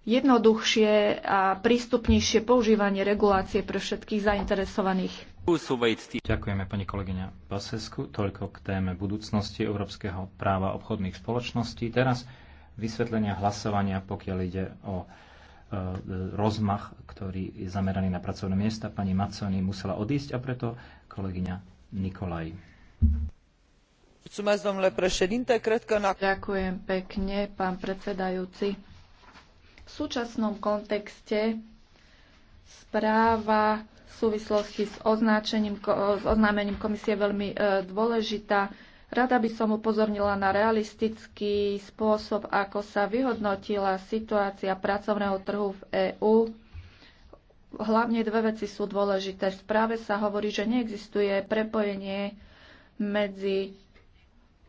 jednoduchšie a prístupnejšie používanie regulácie pre všetkých zainteresovaných. Ďakujeme pani kolegyňa Basesku. Toľko k téme budúcnosti európskeho práva obchodných spoločností. Teraz vysvetlenia hlasovania, pokiaľ ide o E, rozmach, ktorý je zameraný na pracovné miesta. Pani Maconi musela odísť a preto kolegyňa Nikolaj. Ďakujem pekne, pán predsedajúci. V súčasnom kontexte správa v súvislosti s, s oznámením komisie je veľmi e, dôležitá Rada by som upozornila na realistický spôsob, ako sa vyhodnotila situácia pracovného trhu v EÚ. Hlavne dve veci sú dôležité. V správe sa hovorí, že neexistuje prepojenie medzi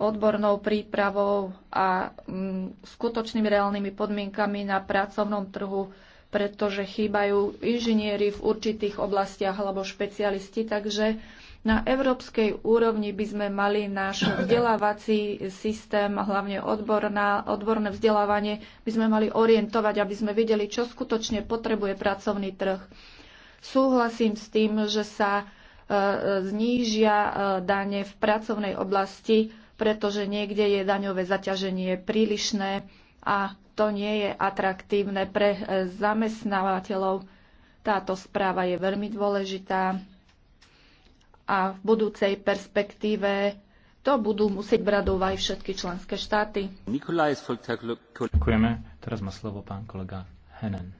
odbornou prípravou a mm, skutočnými reálnymi podmienkami na pracovnom trhu, pretože chýbajú inžinieri v určitých oblastiach alebo špecialisti, takže na európskej úrovni by sme mali náš vzdelávací systém, hlavne odborná, odborné vzdelávanie, by sme mali orientovať, aby sme videli, čo skutočne potrebuje pracovný trh. Súhlasím s tým, že sa e, znížia e, dane v pracovnej oblasti, pretože niekde je daňové zaťaženie prílišné a to nie je atraktívne pre e, zamestnávateľov. Táto správa je veľmi dôležitá a v budúcej perspektíve to budú musieť brať do aj všetky členské štáty. Ďakujeme. Teraz má slovo pán kolega Henen.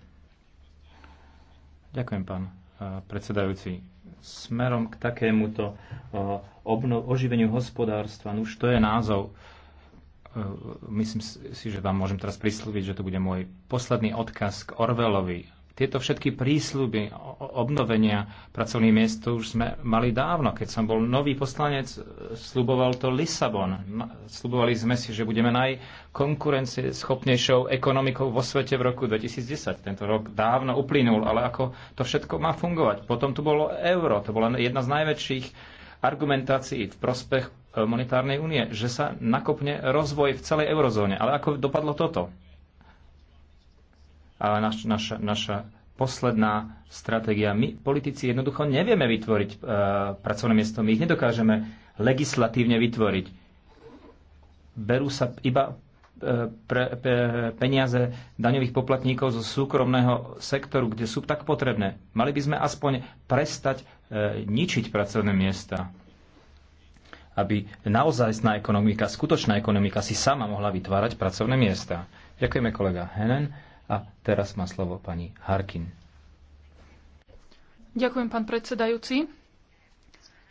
Ďakujem, pán eh, predsedajúci. Smerom k takémuto eh, oživeniu hospodárstva, no už to je názov, eh, myslím si, že vám môžem teraz prislúbiť, že to bude môj posledný odkaz k Orvelovi tieto všetky prísľuby obnovenia pracovných miest to už sme mali dávno. Keď som bol nový poslanec, e, sluboval to Lisabon. Slubovali sme si, že budeme najkonkurencieschopnejšou ekonomikou vo svete v roku 2010. Tento rok dávno uplynul, ale ako to všetko má fungovať. Potom tu bolo euro, to bola jedna z najväčších argumentácií v prospech e, monetárnej únie, že sa nakopne rozvoj v celej eurozóne. Ale ako dopadlo toto? naš, naša, naša posledná stratégia. My, politici, jednoducho nevieme vytvoriť e, pracovné miesto, my ich nedokážeme legislatívne vytvoriť. Berú sa iba e, pre, pre, peniaze daňových poplatníkov zo súkromného sektoru, kde sú tak potrebné. Mali by sme aspoň prestať e, ničiť pracovné miesta, aby naozaj ekonomika, skutočná ekonomika si sama mohla vytvárať pracovné miesta. Ďakujeme kolega Henen. A teraz má slovo pani Harkin. Ďakujem, pán predsedajúci.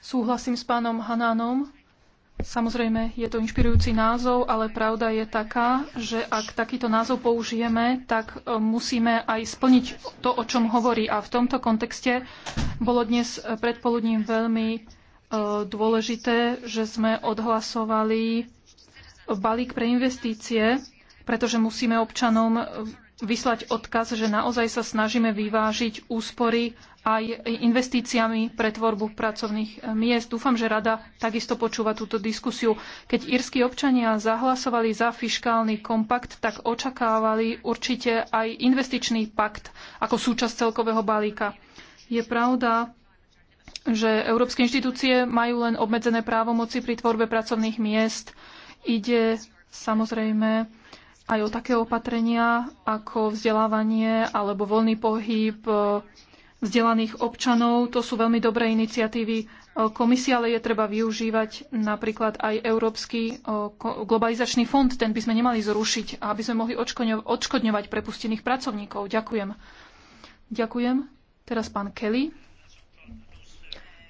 Súhlasím s pánom Hanánom. Samozrejme, je to inšpirujúci názov, ale pravda je taká, že ak takýto názov použijeme, tak e, musíme aj splniť to, o čom hovorí. A v tomto kontexte bolo dnes e, predpoludním veľmi e, dôležité, že sme odhlasovali balík pre investície, pretože musíme občanom vyslať odkaz, že naozaj sa snažíme vyvážiť úspory aj investíciami pre tvorbu pracovných eh, miest. Dúfam, že rada takisto počúva túto diskusiu. Keď írsky občania zahlasovali za fiškálny kompakt, tak očakávali určite aj investičný pakt ako súčasť celkového balíka. Je pravda, že európske inštitúcie majú len obmedzené právomoci pri tvorbe pracovných miest. Ide samozrejme aj o také opatrenia ako vzdelávanie alebo voľný pohyb e, vzdelaných občanov. To sú veľmi dobré iniciatívy e, komisie, ale je treba využívať napríklad aj Európsky e, globalizačný fond. Ten by sme nemali zrušiť, aby sme mohli odškodňovať prepustených pracovníkov. Ďakujem. Ďakujem. Teraz pán Kelly.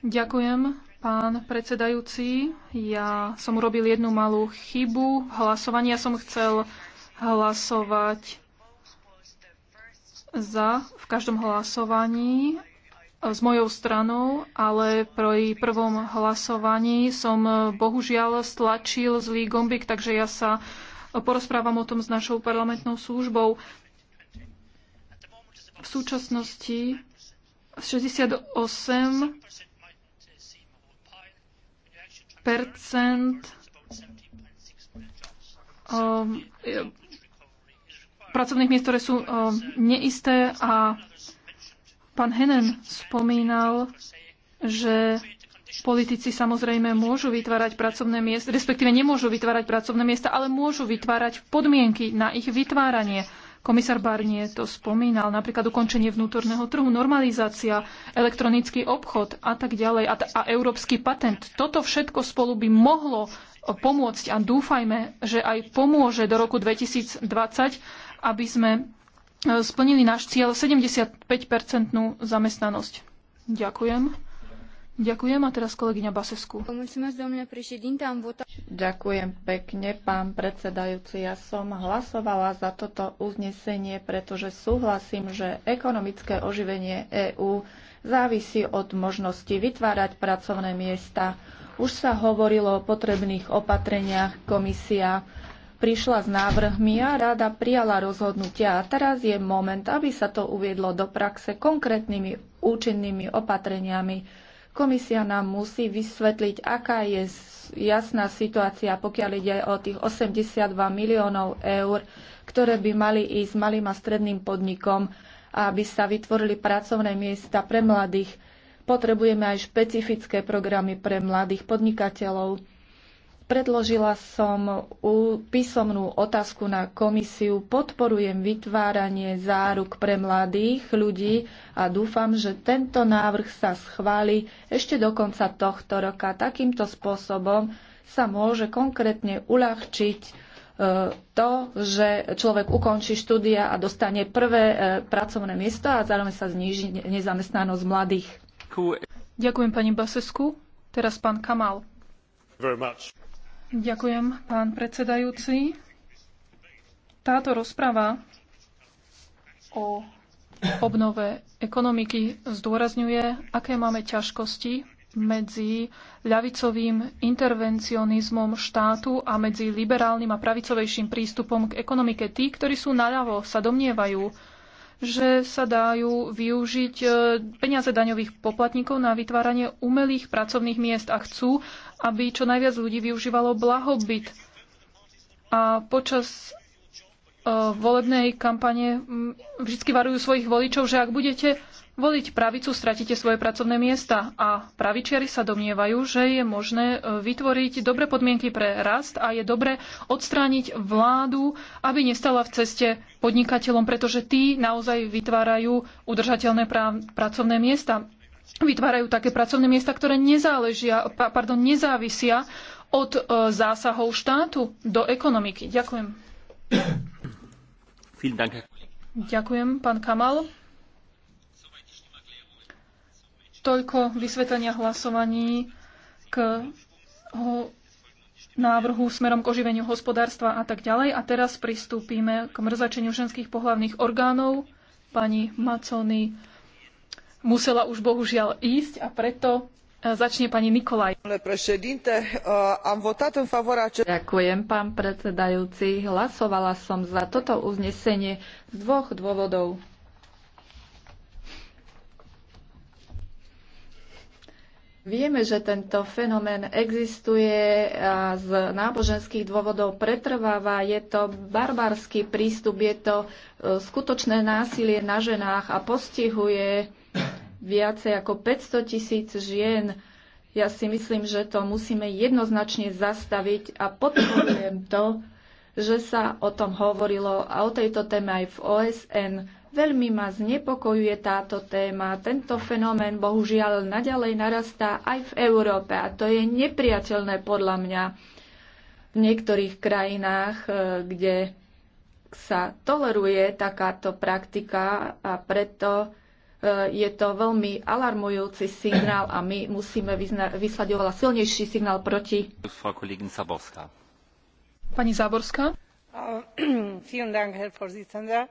Ďakujem. Pán predsedajúci, ja som urobil jednu malú chybu v hlasovaní. Ja som chcel hlasovať za v každom hlasovaní eh, s mojou stranou, ale pri prvom hlasovaní som eh, bohužiaľ stlačil zlý gombik, takže ja sa eh, porozprávam o tom s našou parlamentnou službou. V súčasnosti 68 percent um, pracovných miest, ktoré sú e, neisté a pán Henen spomínal, že politici samozrejme môžu vytvárať pracovné miesta, respektíve nemôžu vytvárať pracovné miesta, ale môžu vytvárať podmienky na ich vytváranie. Komisár Barnier to spomínal, napríklad ukončenie vnútorného trhu, normalizácia, elektronický obchod a tak ďalej a, a európsky patent. Toto všetko spolu by mohlo pomôcť a dúfajme, že aj pomôže do roku 2020 aby sme e, splnili náš cieľ 75-percentnú zamestnanosť. Ďakujem. Ďakujem a teraz kolegyňa Basesku. Ďakujem pekne, pán predsedajúci. Ja som hlasovala za toto uznesenie, pretože súhlasím, že ekonomické oživenie EÚ závisí od možnosti vytvárať pracovné miesta. Už sa hovorilo o potrebných opatreniach komisia prišla s návrhmi a rada prijala rozhodnutia a teraz je moment, aby sa to uviedlo do praxe konkrétnymi účinnými opatreniami. Komisia nám musí vysvetliť, aká je jasná situácia, pokiaľ ide o tých 82 miliónov eur, ktoré by mali ísť malým a stredným podnikom, aby sa vytvorili pracovné miesta pre mladých. Potrebujeme aj špecifické programy pre mladých podnikateľov Predložila som písomnú otázku na komisiu. Podporujem vytváranie záruk pre mladých ľudí a dúfam, že tento návrh sa schváli ešte do konca tohto roka. Takýmto spôsobom sa môže konkrétne uľahčiť e, to, že človek ukončí štúdia a dostane prvé e, pracovné miesto a zároveň sa zníži nezamestnanosť mladých. Ďakujem pani Basesku. Teraz pán Kamal. Very much. Ďakujem, pán predsedajúci. Táto rozprava o obnove ekonomiky zdôrazňuje, aké máme ťažkosti medzi ľavicovým intervencionizmom štátu a medzi liberálnym a pravicovejším prístupom k ekonomike. Tí, ktorí sú naľavo, sa domnievajú, že sa dajú využiť e, peniaze daňových poplatníkov na vytváranie umelých pracovných miest a chcú, aby čo najviac ľudí využívalo blahobyt. A počas e, volebnej kampane vždy varujú svojich voličov, že ak budete voliť pravicu, stratíte svoje pracovné miesta. A pravičiari sa domnievajú, že je možné e, vytvoriť dobre podmienky pre rast a je dobre odstrániť vládu, aby nestala v ceste podnikateľom, pretože tí naozaj vytvárajú udržateľné práv, pracovné miesta. Vytvárajú také pracovné miesta, ktoré nezáležia, pardon, nezávisia od e, zásahov štátu do ekonomiky. Ďakujem. Ďakujem, pán Kamal. Toľko vysvetlenia hlasovaní k návrhu smerom k oživeniu hospodárstva a tak ďalej. A teraz pristúpime k mrzačeniu ženských pohlavných orgánov. Pani Macony musela už bohužiaľ ísť a preto e, začne pani Nikolaj. E, Ďakujem, pán predsedajúci. Hlasovala som za toto uznesenie z dvoch dôvodov. Vieme, že tento fenomén existuje a z náboženských dôvodov pretrváva. Je to barbarský prístup, je to e, skutočné násilie na ženách a postihuje viacej ako 500 tisíc žien. Ja si myslím, že to musíme jednoznačne zastaviť a podporujem to, že sa o tom hovorilo a o tejto téme aj v OSN Veľmi ma znepokojuje táto téma. Tento fenomén bohužiaľ naďalej narastá aj v Európe a to je nepriateľné podľa mňa v niektorých krajinách, e, kde sa toleruje takáto praktika a preto e, je to veľmi alarmujúci signál a my musíme vyslať oveľa silnejší signál proti. Pani Záborská. Vielen Dank, Herr Vorsitzender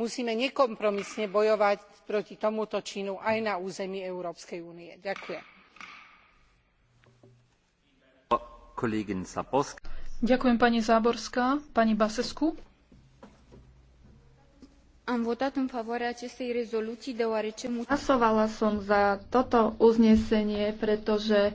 musíme nekompromisne bojovať proti tomuto činu aj na území európskej únie. ďakujem. ďakujem pani záborská. pani bsescu hlasovala som za toto uznesenie pretože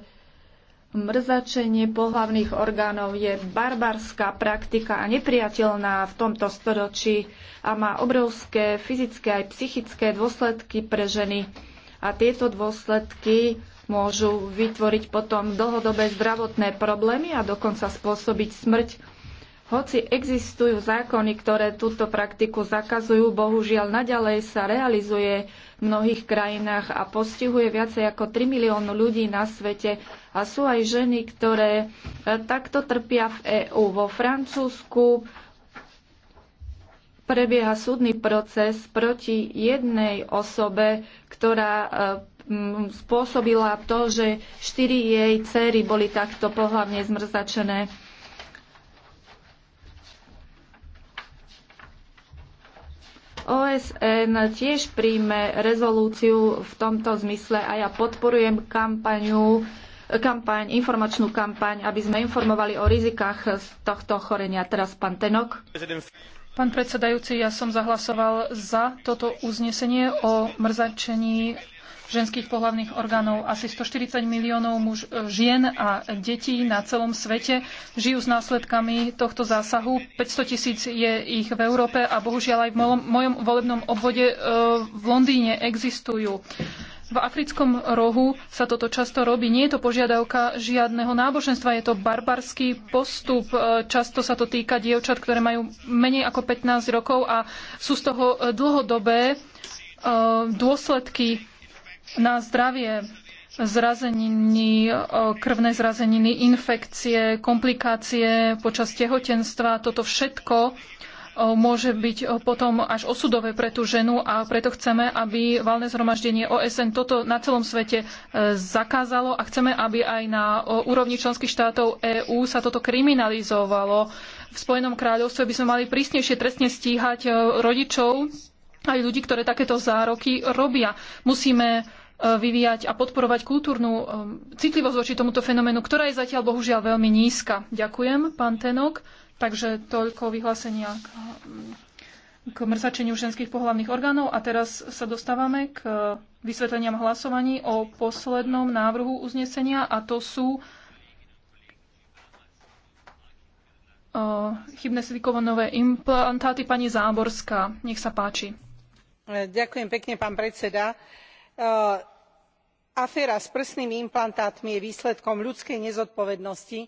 Mrzačenie pohlavných orgánov je barbarská praktika a nepriateľná v tomto storočí a má obrovské fyzické aj psychické dôsledky pre ženy. A tieto dôsledky môžu vytvoriť potom dlhodobé zdravotné problémy a dokonca spôsobiť smrť. Hoci existujú zákony, ktoré túto praktiku zakazujú, bohužiaľ naďalej sa realizuje v mnohých krajinách a postihuje viacej ako 3 miliónu ľudí na svete a sú aj ženy, ktoré e, takto trpia v EÚ. Vo Francúzsku prebieha súdny proces proti jednej osobe, ktorá e, spôsobila to, že štyri jej cery boli takto pohlavne zmrzačené. OSN tiež príjme rezolúciu v tomto zmysle a ja podporujem kampaňu kampaň, informačnú kampaň, aby sme informovali o rizikách z tohto chorenia. Teraz pán Tenok. Pán predsedajúci, ja som zahlasoval za toto uznesenie o mrzačení ženských pohľavných orgánov. Asi 140 miliónov muž, e, žien a detí na celom svete žijú s následkami tohto zásahu. 500 tisíc je ich v Európe a bohužiaľ aj v mojom, mojom volebnom obvode e, v Londýne existujú. V africkom rohu sa toto často robí. Nie je to požiadavka žiadneho náboženstva, je to barbarský postup. E, často sa to týka dievčat, ktoré majú menej ako 15 rokov a sú z toho dlhodobé e, dôsledky na zdravie zrazeniny, e, krvné zrazeniny, infekcie, komplikácie počas tehotenstva. Toto všetko môže byť potom až osudové pre tú ženu a preto chceme, aby valné zhromaždenie OSN toto na celom svete e, zakázalo a chceme, aby aj na úrovni členských štátov EÚ sa toto kriminalizovalo. V Spojenom kráľovstve by sme mali prísnejšie trestne stíhať e, rodičov aj ľudí, ktoré takéto zároky robia. Musíme e, vyvíjať a podporovať kultúrnu citlivosť voči tomuto fenoménu, ktorá je zatiaľ bohužiaľ veľmi nízka. Ďakujem, pán Tenok. Takže toľko vyhlásenia k, k mrzačeniu ženských pohľavných orgánov. A teraz sa dostávame k vysvetleniam hlasovaní o poslednom návrhu uznesenia a to sú chybné silikovanové implantáty. Pani Záborská, nech sa páči. Ďakujem pekne, pán predseda aféra s prsnými implantátmi je výsledkom ľudskej nezodpovednosti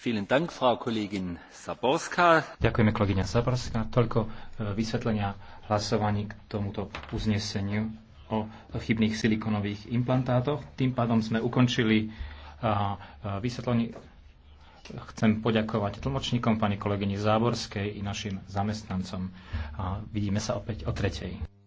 Ďakujeme kolegyňa Saborská. Toľko e, vysvetlenia hlasovaní k tomuto uzneseniu o chybných silikonových implantátoch. Tým pádom sme ukončili e, e, vysvetlenie. Chcem poďakovať tlmočníkom, pani kolegyni Záborskej i našim zamestnancom. Vidíme sa opäť o tretej.